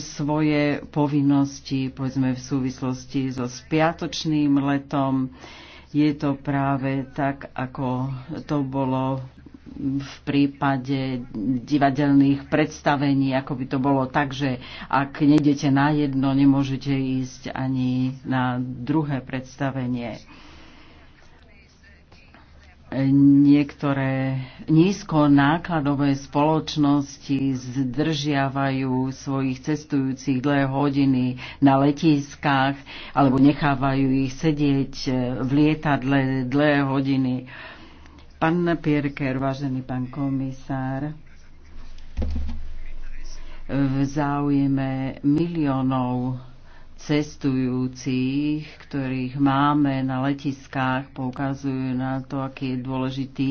svoje povinnosti, povedzme v súvislosti so spiatočným letom. Je to práve tak, ako to bolo v prípade divadelných predstavení, ako by to bolo tak, že ak nejdete na jedno, nemôžete ísť ani na druhé predstavenie niektoré nízko nákladové spoločnosti zdržiavajú svojich cestujúcich dlhé hodiny na letiskách alebo nechávajú ich sedieť e, v lietadle dlhé hodiny. Pán Pierker, vážený pán komisár, v záujme miliónov cestujúcich, ktorých máme na letiskách, poukazujú na to, aký je dôležitý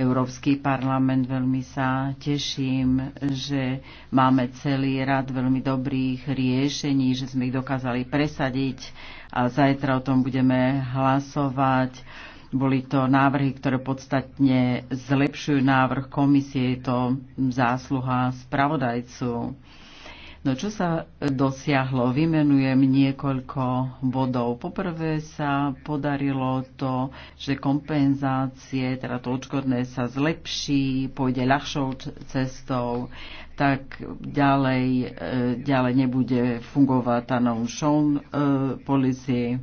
Európsky parlament. Veľmi sa teším, že máme celý rad veľmi dobrých riešení, že sme ich dokázali presadiť a zajtra o tom budeme hlasovať. Boli to návrhy, ktoré podstatne zlepšujú návrh komisie. Je to zásluha spravodajcu. No čo sa dosiahlo? Vymenujem niekoľko bodov. Poprvé sa podarilo to, že kompenzácie, teda to odškodné sa zlepší, pôjde ľahšou cestou, tak ďalej, e, ďalej nebude fungovať tá no show e, policy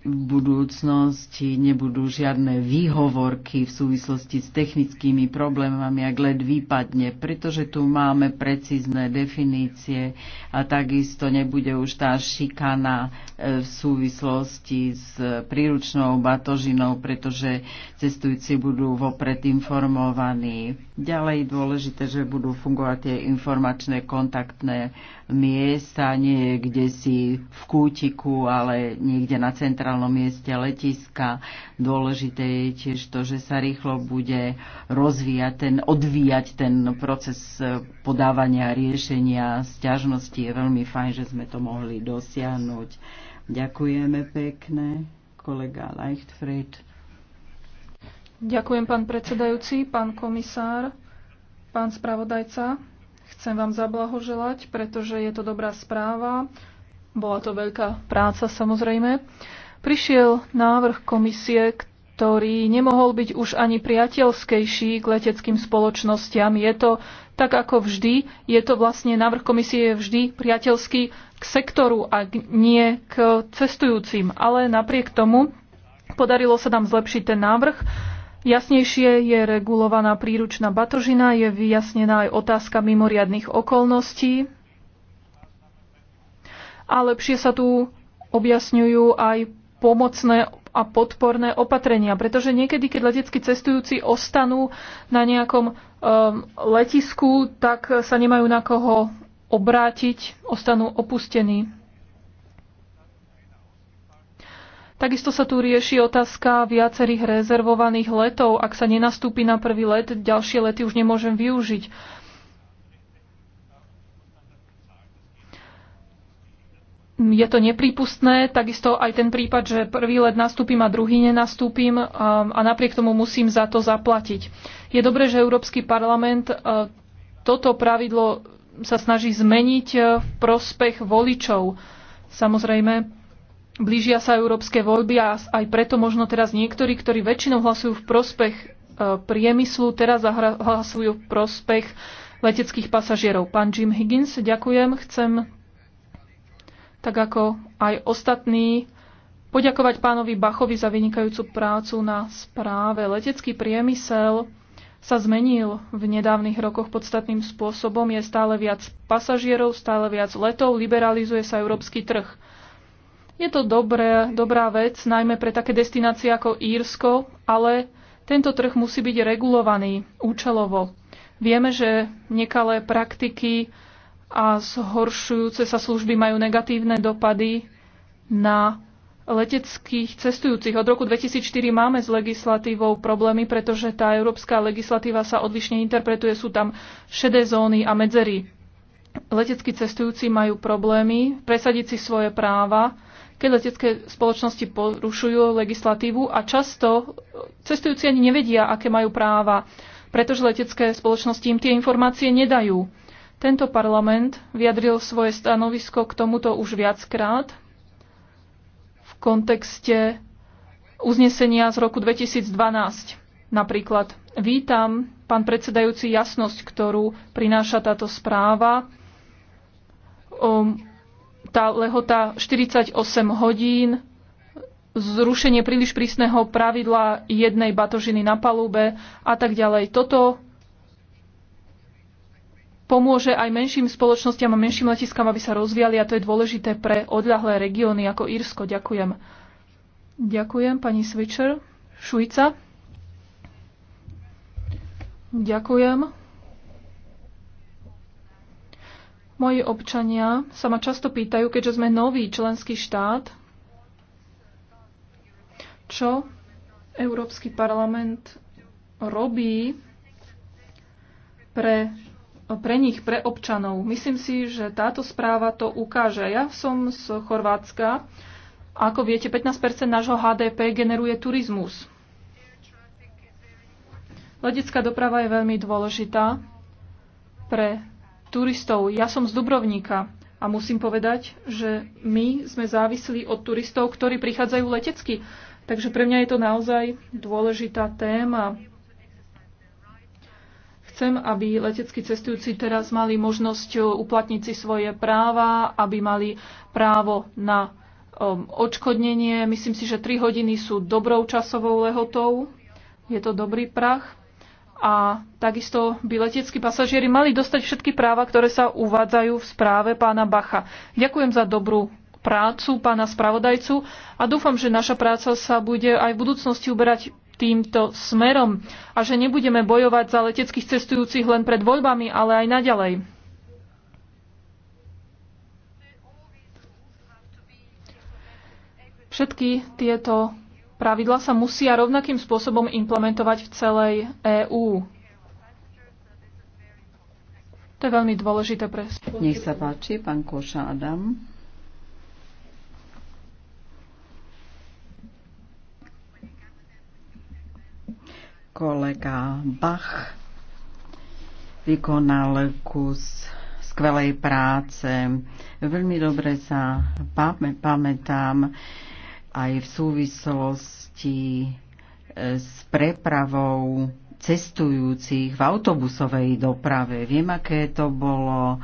v budúcnosti nebudú žiadne výhovorky v súvislosti s technickými problémami, ak led vypadne, pretože tu máme precízne definície a takisto nebude už tá šikana e, v súvislosti s príručnou batožinou, pretože cestujúci budú vopred informovaní. Ďalej dôležité, že budú fungovať tie informačné kontaktné miesta, nie kde si v kútiku, ale niekde na centrálnom mieste letiska. Dôležité je tiež to, že sa rýchlo bude rozvíjať ten, odvíjať ten proces e, podávania riešenia sťažnosti. Je veľmi fajn, že sme to mohli dosiahnuť. Ďakujeme pekne, kolega Leichtfried. Ďakujem, pán predsedajúci, pán komisár, pán spravodajca. Chcem vám zablahoželať, pretože je to dobrá správa. Bola to veľká práca samozrejme. Prišiel návrh komisie, ktorý nemohol byť už ani priateľskejší k leteckým spoločnostiam. Je to tak ako vždy, je to vlastne návrh komisie je vždy priateľský k sektoru a nie k cestujúcim. Ale napriek tomu podarilo sa nám zlepšiť ten návrh Jasnejšie je regulovaná príručná batožina, je vyjasnená aj otázka mimoriadných okolností a lepšie sa tu objasňujú aj pomocné a podporné opatrenia, pretože niekedy, keď leteckí cestujúci ostanú na nejakom um, letisku, tak sa nemajú na koho obrátiť, ostanú opustení. Takisto sa tu rieši otázka viacerých rezervovaných letov. Ak sa nenastúpi na prvý let, ďalšie lety už nemôžem využiť. Je to neprípustné, takisto aj ten prípad, že prvý let nastúpim a druhý nenastúpim a napriek tomu musím za to zaplatiť. Je dobré, že Európsky parlament e, toto pravidlo sa snaží zmeniť e, v prospech voličov. Samozrejme, Blížia sa európske voľby a aj preto možno teraz niektorí, ktorí väčšinou hlasujú v prospech e, priemyslu, teraz hlasujú v prospech leteckých pasažierov. Pán Jim Higgins, ďakujem. Chcem, tak ako aj ostatní, poďakovať pánovi Bachovi za vynikajúcu prácu na správe. Letecký priemysel sa zmenil v nedávnych rokoch podstatným spôsobom. Je stále viac pasažierov, stále viac letov, liberalizuje sa európsky trh. Je to dobré, dobrá vec, najmä pre také destinácie ako Írsko, ale tento trh musí byť regulovaný účelovo. Vieme, že nekalé praktiky a zhoršujúce sa služby majú negatívne dopady na leteckých cestujúcich. Od roku 2004 máme s legislatívou problémy, pretože tá európska legislatíva sa odlišne interpretuje. Sú tam šedé zóny a medzery. Leteckí cestujúci majú problémy presadiť si svoje práva keď letecké spoločnosti porušujú legislatívu a často cestujúci ani nevedia, aké majú práva, pretože letecké spoločnosti im tie informácie nedajú. Tento parlament vyjadril svoje stanovisko k tomuto už viackrát v kontexte uznesenia z roku 2012. Napríklad vítam, pán predsedajúci, jasnosť, ktorú prináša táto správa. Um, tá lehota 48 hodín, zrušenie príliš prísneho pravidla jednej batožiny na palube a tak ďalej. Toto pomôže aj menším spoločnostiam a menším letiskám, aby sa rozvíjali a to je dôležité pre odľahlé regióny ako Írsko. Ďakujem. Ďakujem, pani Switcher. Švica. Ďakujem. Moji občania sa ma často pýtajú, keďže sme nový členský štát, čo Európsky parlament robí pre, pre nich, pre občanov. Myslím si, že táto správa to ukáže. Ja som z Chorvátska. Ako viete, 15 nášho HDP generuje turizmus. Letecká doprava je veľmi dôležitá pre turistov. Ja som z Dubrovníka a musím povedať, že my sme závislí od turistov, ktorí prichádzajú letecky. Takže pre mňa je to naozaj dôležitá téma. Chcem, aby leteckí cestujúci teraz mali možnosť uplatniť si svoje práva, aby mali právo na um, odškodnenie. Myslím si, že 3 hodiny sú dobrou časovou lehotou. Je to dobrý prach a takisto by leteckí pasažieri mali dostať všetky práva, ktoré sa uvádzajú v správe pána Bacha. Ďakujem za dobrú prácu pána spravodajcu a dúfam, že naša práca sa bude aj v budúcnosti uberať týmto smerom a že nebudeme bojovať za leteckých cestujúcich len pred voľbami, ale aj naďalej. Všetky tieto Pravidla sa musia rovnakým spôsobom implementovať v celej EÚ. To je veľmi dôležité pre Nech sa páči, pán Koša Adam. Kolega Bach vykonal kus skvelej práce. Veľmi dobre sa pamätám, aj v súvislosti e, s prepravou cestujúcich v autobusovej doprave. Viem, aké to bolo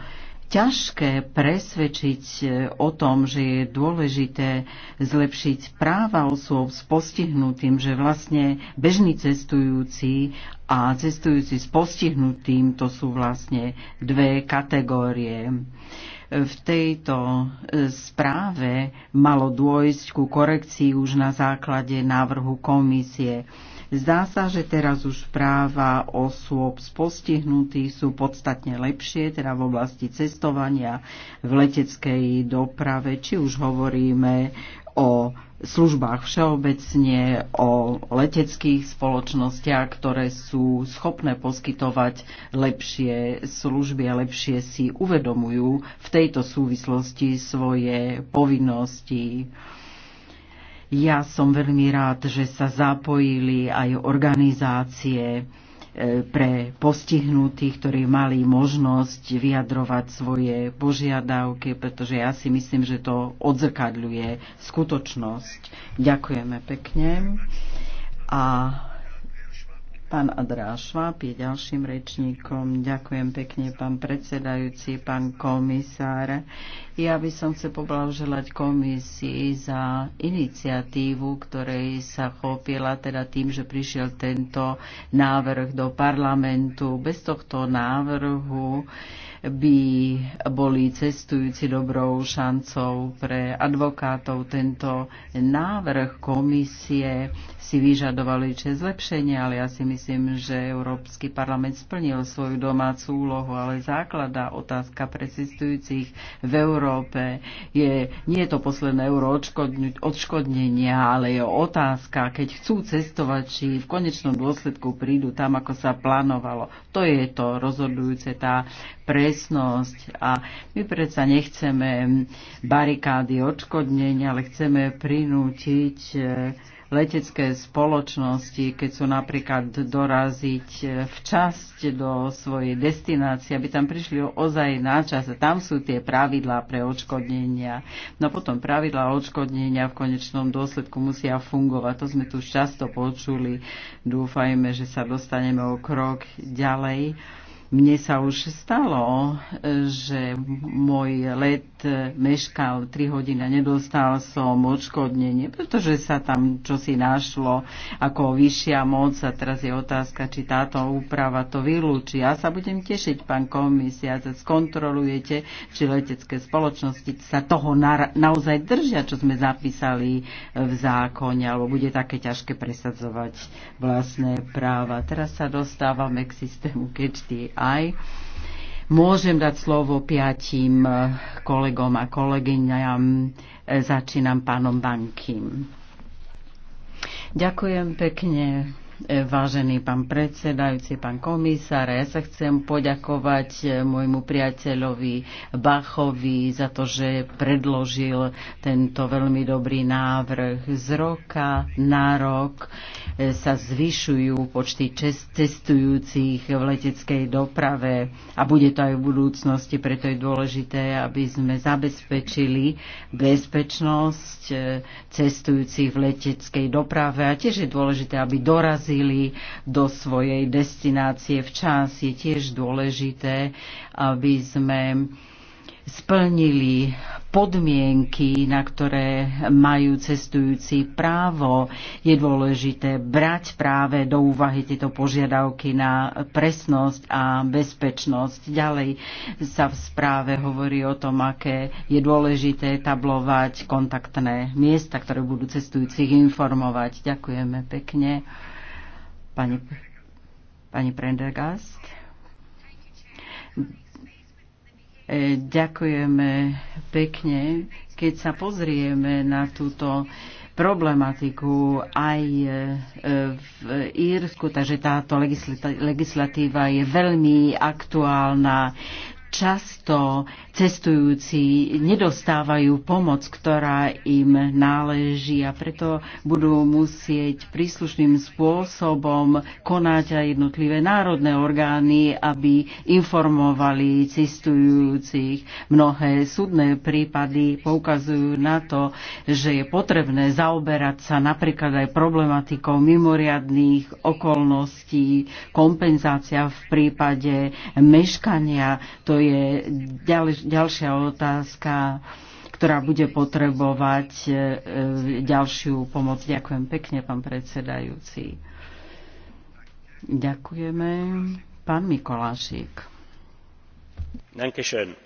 ťažké presvedčiť e, o tom, že je dôležité zlepšiť práva osôb s postihnutým, že vlastne bežní cestujúci a cestujúci s postihnutým to sú vlastne dve kategórie v tejto e, správe malo dôjsť ku korekcii už na základe návrhu komisie. Zdá sa, že teraz už práva osôb z postihnutých sú podstatne lepšie, teda v oblasti cestovania, v leteckej doprave, či už hovoríme o službách všeobecne, o leteckých spoločnostiach, ktoré sú schopné poskytovať lepšie služby a lepšie si uvedomujú v tejto súvislosti svoje povinnosti. Ja som veľmi rád, že sa zapojili aj organizácie pre postihnutých, ktorí mali možnosť vyjadrovať svoje požiadavky, pretože ja si myslím, že to odzrkadľuje skutočnosť. Ďakujeme pekne. A Pán Adrá je ďalším rečníkom. Ďakujem pekne, pán predsedajúci, pán komisár. Ja by som chcel poblahoželať komisii za iniciatívu, ktorej sa chopila teda tým, že prišiel tento návrh do parlamentu. Bez tohto návrhu by boli cestujúci dobrou šancou pre advokátov. Tento návrh komisie si vyžadovali čo zlepšenie, ale ja si myslím, že Európsky parlament splnil svoju domácu úlohu, ale základná otázka pre cestujúcich v Európe Európe. Je, nie je to posledné euro odškodnenia, ale je otázka, keď chcú cestovať, či v konečnom dôsledku prídu tam, ako sa plánovalo. To je to rozhodujúce, tá presnosť. A my predsa nechceme barikády odškodnenia, ale chceme prinútiť eh, letecké spoločnosti, keď sú napríklad doraziť e, včas do svojej destinácie, aby tam prišli ozaj na čas. A tam sú tie pravidlá pre odškodnenia. No potom pravidlá odškodnenia v konečnom dôsledku musia fungovať. To sme tu už často počuli. Dúfajme, že sa dostaneme o krok ďalej. Mne sa už stalo, že môj let meškal 3 hodiny a nedostal som odškodnenie, pretože sa tam čosi našlo ako vyššia moc a teraz je otázka, či táto úprava to vylúči. Ja sa budem tešiť, pán komisia, že skontrolujete, či letecké spoločnosti sa toho na, naozaj držia, čo sme zapísali v zákone, alebo bude také ťažké presadzovať vlastné práva. Teraz sa dostávame k systému keď tie aj môžem dať slovo piatim eh, kolegom a kolegyňam. Eh, začínam pánom Bankým. Ďakujem pekne. E, vážený pán predsedajúci, pán komisár, ja sa chcem poďakovať e, môjmu priateľovi Bachovi za to, že predložil tento veľmi dobrý návrh. Z roka na rok e, sa zvyšujú počty cestujúcich v leteckej doprave a bude to aj v budúcnosti, preto je dôležité, aby sme zabezpečili bezpečnosť cestujúcich v leteckej doprave a tiež je dôležité, aby doraz dorazili do svojej destinácie včas. Je tiež dôležité, aby sme splnili podmienky, na ktoré majú cestujúci právo. Je dôležité brať práve do úvahy tieto požiadavky na presnosť a bezpečnosť. Ďalej sa v správe hovorí o tom, aké je dôležité tablovať kontaktné miesta, ktoré budú cestujúcich informovať. Ďakujeme pekne. Pani, pani Prendergast. E, ďakujeme pekne. Keď sa pozrieme na túto problematiku aj e, v Írsku, takže táto legislatíva je veľmi aktuálna. Často cestujúci nedostávajú pomoc, ktorá im náleží a preto budú musieť príslušným spôsobom konať aj jednotlivé národné orgány, aby informovali cestujúcich. Mnohé súdne prípady poukazujú na to, že je potrebné zaoberať sa napríklad aj problematikou mimoriadných okolností, kompenzácia v prípade meškania. To je ďalej ďalšia otázka, ktorá bude potrebovať e, e, ďalšiu pomoc. Ďakujem pekne, pán predsedajúci. Ďakujeme. Pán Mikolášik. Ďakujem.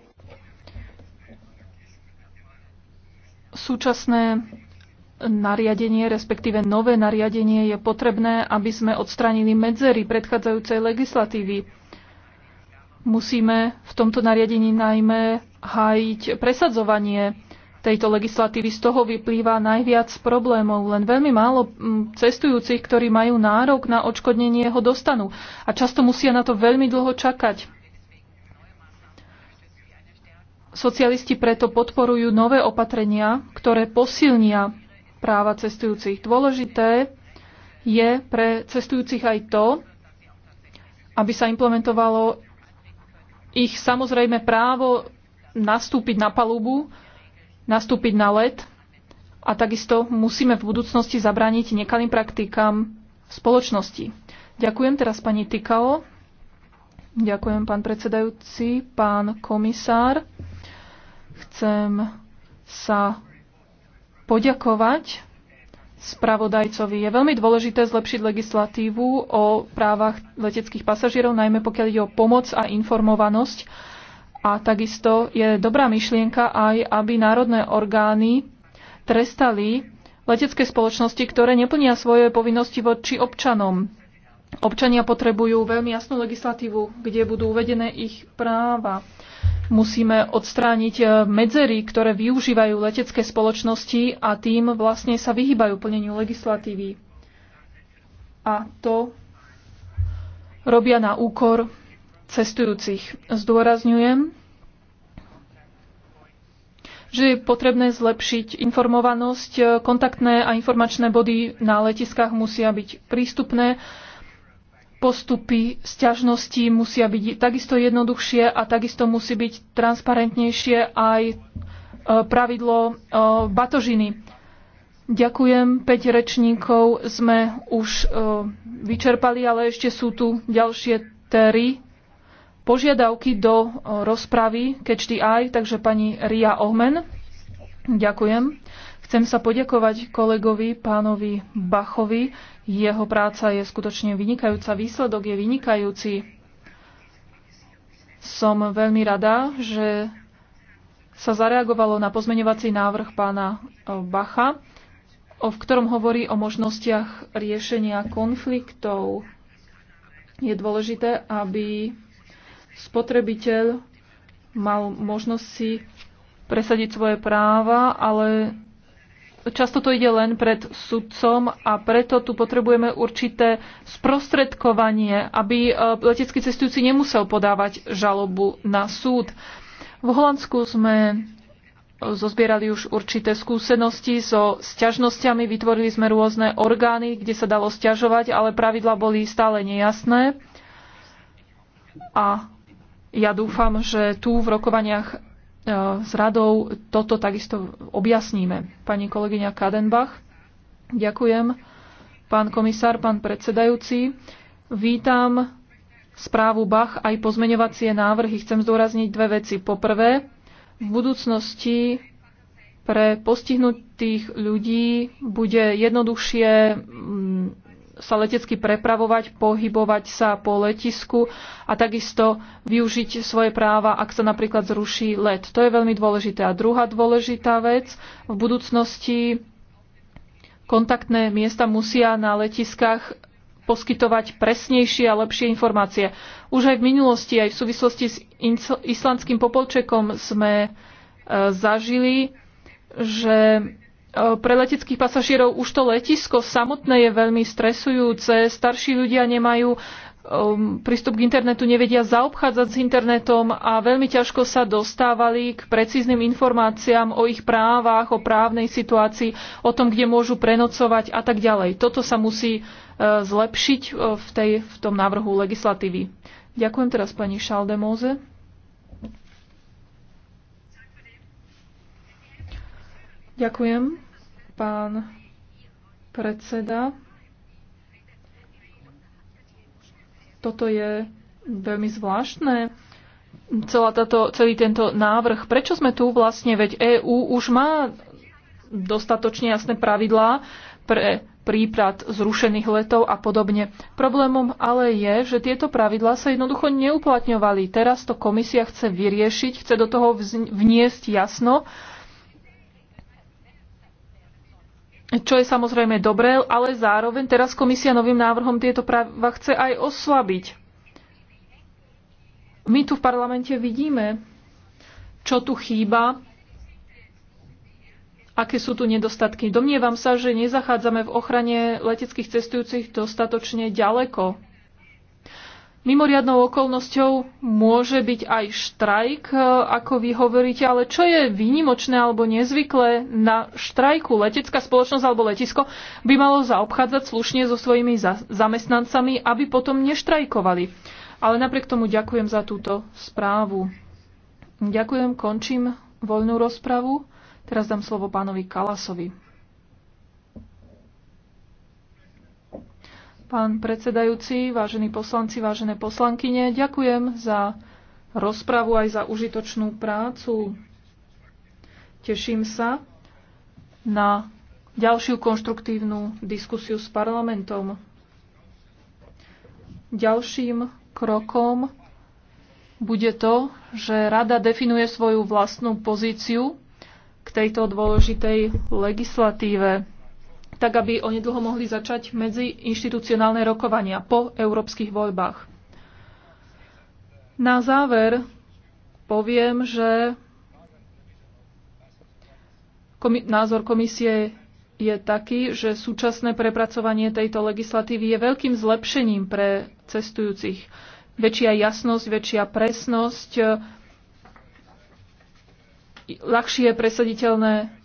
Súčasné nariadenie, respektíve nové nariadenie je potrebné, aby sme odstranili medzery predchádzajúcej legislatívy. Musíme v tomto nariadení najmä hájiť presadzovanie tejto legislatívy. Z toho vyplýva najviac problémov. Len veľmi málo mm, cestujúcich, ktorí majú nárok na odškodnenie, ho dostanú. A často musia na to veľmi dlho čakať. Socialisti preto podporujú nové opatrenia, ktoré posilnia práva cestujúcich. Dôležité je pre cestujúcich aj to, aby sa implementovalo ich samozrejme právo nastúpiť na palubu, nastúpiť na let a takisto musíme v budúcnosti zabrániť nekalým praktikám spoločnosti. Ďakujem teraz pani Tykao. Ďakujem pán predsedajúci, pán komisár. Chcem sa poďakovať spravodajcovi. Je veľmi dôležité zlepšiť legislatívu o právach leteckých pasažierov, najmä pokiaľ ide o pomoc a informovanosť. A takisto je dobrá myšlienka aj, aby národné orgány trestali letecké spoločnosti, ktoré neplnia svoje povinnosti voči občanom. Občania potrebujú veľmi jasnú legislatívu, kde budú uvedené ich práva. Musíme odstrániť e, medzery, ktoré využívajú letecké spoločnosti a tým vlastne sa vyhýbajú plneniu legislatívy. A to robia na úkor cestujúcich. Zdôrazňujem, že je potrebné zlepšiť informovanosť. E, kontaktné a informačné body na letiskách musia byť prístupné postupy sťažnosti musia byť takisto jednoduchšie a takisto musí byť transparentnejšie aj e, pravidlo e, batožiny. Ďakujem, 5 rečníkov sme už e, vyčerpali, ale ešte sú tu ďalšie tery požiadavky do rozpravy, keď aj, takže pani Ria Ohmen. Ďakujem. Chcem sa poďakovať kolegovi pánovi Bachovi. Jeho práca je skutočne vynikajúca, výsledok je vynikajúci. Som veľmi rada, že sa zareagovalo na pozmeňovací návrh pána e, Bacha, v ktorom hovorí o možnostiach riešenia konfliktov. Je dôležité, aby spotrebiteľ mal možnosť si presadiť svoje práva, ale často to ide len pred sudcom a preto tu potrebujeme určité sprostredkovanie, aby e, letecký cestujúci nemusel podávať žalobu na súd. V Holandsku sme zozbierali už určité skúsenosti so sťažnosťami, vytvorili sme rôzne orgány, kde sa dalo sťažovať, ale pravidla boli stále nejasné. A ja dúfam, že tu v rokovaniach s radou toto takisto objasníme. Pani kolegyňa Kadenbach, ďakujem. Pán komisár, pán predsedajúci, vítam správu Bach aj pozmeňovacie návrhy. Chcem zdôrazniť dve veci. Poprvé, v budúcnosti pre postihnutých ľudí bude jednoduchšie mm, sa letecky prepravovať, pohybovať sa po letisku a takisto využiť svoje práva, ak sa napríklad zruší let. To je veľmi dôležité. A druhá dôležitá vec, v budúcnosti kontaktné miesta musia na letiskách poskytovať presnejšie a lepšie informácie. Už aj v minulosti, aj v súvislosti s islandským popolčekom sme e, zažili, že E, pre leteckých pasažierov už to letisko samotné je veľmi stresujúce. Starší ľudia nemajú e, prístup k internetu, nevedia zaobchádzať s internetom a veľmi ťažko sa dostávali k precízným informáciám o ich právach, o právnej situácii, o tom, kde môžu prenocovať a tak ďalej. Toto sa musí e, zlepšiť v, tej, v tom návrhu legislatívy. Ďakujem teraz pani Šaldemóze. Ďakujem pán predseda. Toto je veľmi zvláštne. Celá táto, celý tento návrh. Prečo sme tu vlastne? Veď EÚ už má dostatočne jasné pravidlá pre prípad zrušených letov a podobne. Problémom ale je, že tieto pravidlá sa jednoducho neuplatňovali. Teraz to komisia chce vyriešiť, chce do toho vniesť jasno čo je samozrejme dobré, ale zároveň teraz komisia novým návrhom tieto práva chce aj oslabiť. My tu v parlamente vidíme, čo tu chýba, aké sú tu nedostatky. Domnievam sa, že nezachádzame v ochrane leteckých cestujúcich dostatočne ďaleko. Mimoriadnou okolnosťou môže byť aj štrajk, e, ako vy hovoríte, ale čo je výnimočné alebo nezvyklé na štrajku? Letecká spoločnosť alebo letisko by malo zaobchádzať slušne so svojimi zamestnancami, aby potom neštrajkovali. Ale napriek tomu ďakujem za túto správu. Ďakujem, končím voľnú rozpravu. Teraz dám slovo pánovi Kalasovi. Pán predsedajúci, vážení poslanci, vážené poslankyne, ďakujem za rozpravu aj za užitočnú prácu. Teším sa na ďalšiu konštruktívnu diskusiu s parlamentom. Ďalším krokom bude to, že Rada definuje svoju vlastnú pozíciu k tejto dôležitej legislatíve tak aby onedlho mohli začať medziinštitucionálne rokovania po európskych voľbách. Na záver poviem, že komi- názor komisie je taký, že súčasné prepracovanie tejto legislatívy je veľkým zlepšením pre cestujúcich. Väčšia jasnosť, väčšia presnosť, ľahšie presaditeľné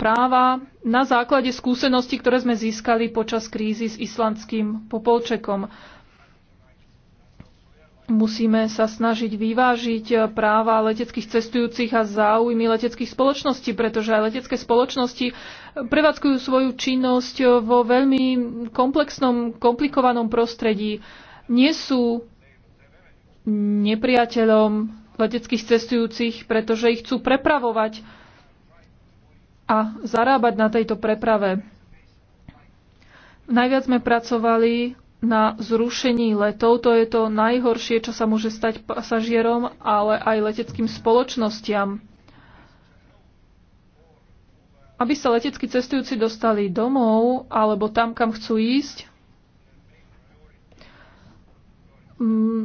práva na základe skúseností, ktoré sme získali počas krízy s islandským popolčekom. Musíme sa snažiť vyvážiť práva leteckých cestujúcich a záujmy leteckých spoločností, pretože aj letecké spoločnosti prevádzkujú svoju činnosť vo veľmi komplexnom, komplikovanom prostredí. Nie sú nepriateľom leteckých cestujúcich, pretože ich chcú prepravovať a zarábať na tejto preprave. Najviac sme pracovali na zrušení letov. To je to najhoršie, čo sa môže stať pasažierom, ale aj leteckým spoločnostiam. Aby sa leteckí cestujúci dostali domov alebo tam, kam chcú ísť, mm,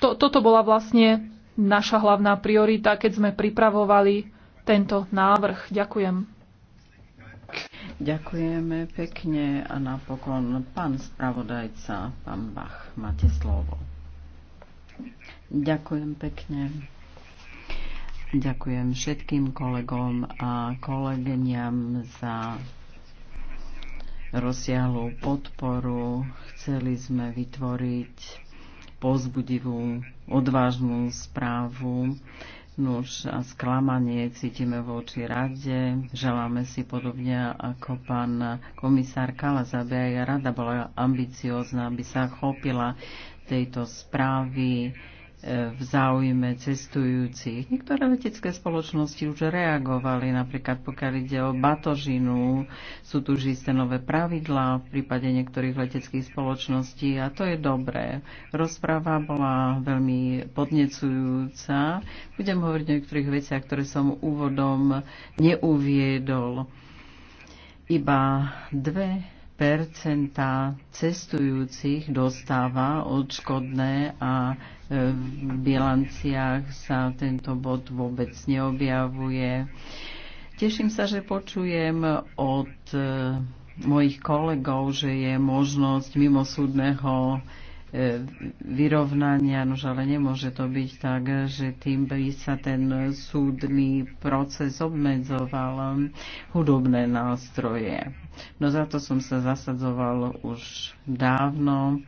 to, toto bola vlastne naša hlavná priorita, keď sme pripravovali tento návrh. Ďakujem. Ďakujeme pekne a napokon pán spravodajca, pán Bach, máte slovo. Ďakujem pekne. Ďakujem všetkým kolegom a kolegyňam za rozsiahlú podporu. Chceli sme vytvoriť pozbudivú, odvážnu správu Nuž a sklamanie cítime voči rade. Želáme si podobne ako pán komisár Kalas, aby aj rada bola ambiciózna, aby sa chopila tejto správy v záujme cestujúcich. Niektoré letecké spoločnosti už reagovali, napríklad pokiaľ ide o batožinu, sú tu už isté nové pravidlá v prípade niektorých leteckých spoločností a to je dobré. Rozpráva bola veľmi podnecujúca. Budem hovoriť o niektorých veciach, ktoré som úvodom neuviedol. Iba dve percenta cestujúcich dostáva odškodné a e, v bilanciách sa tento bod vôbec neobjavuje. Teším sa, že počujem od e, mojich kolegov, že je možnosť mimosúdneho súdneho E, vyrovnania, no ale nemôže to byť tak, že tým by sa ten súdny proces obmedzoval hudobné nástroje. No za to som sa zasadzoval už dávno,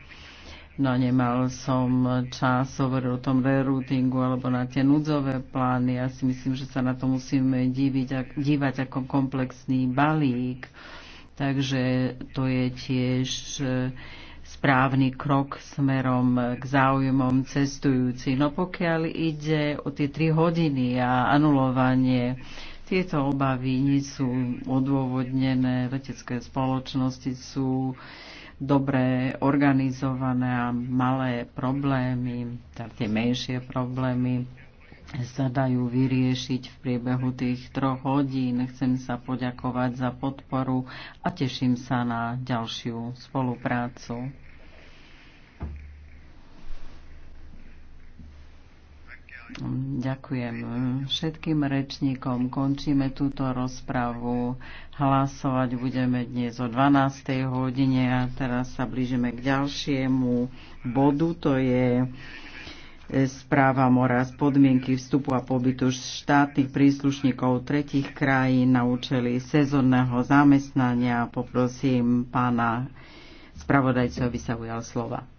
no nemal som čas hovoriť o tom reroutingu alebo na tie núdzové plány. Ja si myslím, že sa na to musíme diviť, dívať ako komplexný balík. Takže to je tiež správny krok smerom k záujmom cestujúci. No pokiaľ ide o tie tri hodiny a anulovanie, tieto obavy nie sú odôvodnené. Letecké spoločnosti sú dobre organizované a malé problémy, tie menšie problémy sa dajú vyriešiť v priebehu tých troch hodín. Chcem sa poďakovať za podporu a teším sa na ďalšiu spoluprácu. Ďakujem všetkým rečníkom. Končíme túto rozpravu. Hlasovať budeme dnes o 12. hodine a teraz sa blížime k ďalšiemu bodu. To je e, správa mora z podmienky vstupu a pobytu štátnych príslušníkov tretich krajín na účely sezónneho zamestnania. Poprosím pána spravodajcu, aby sa ujal slova.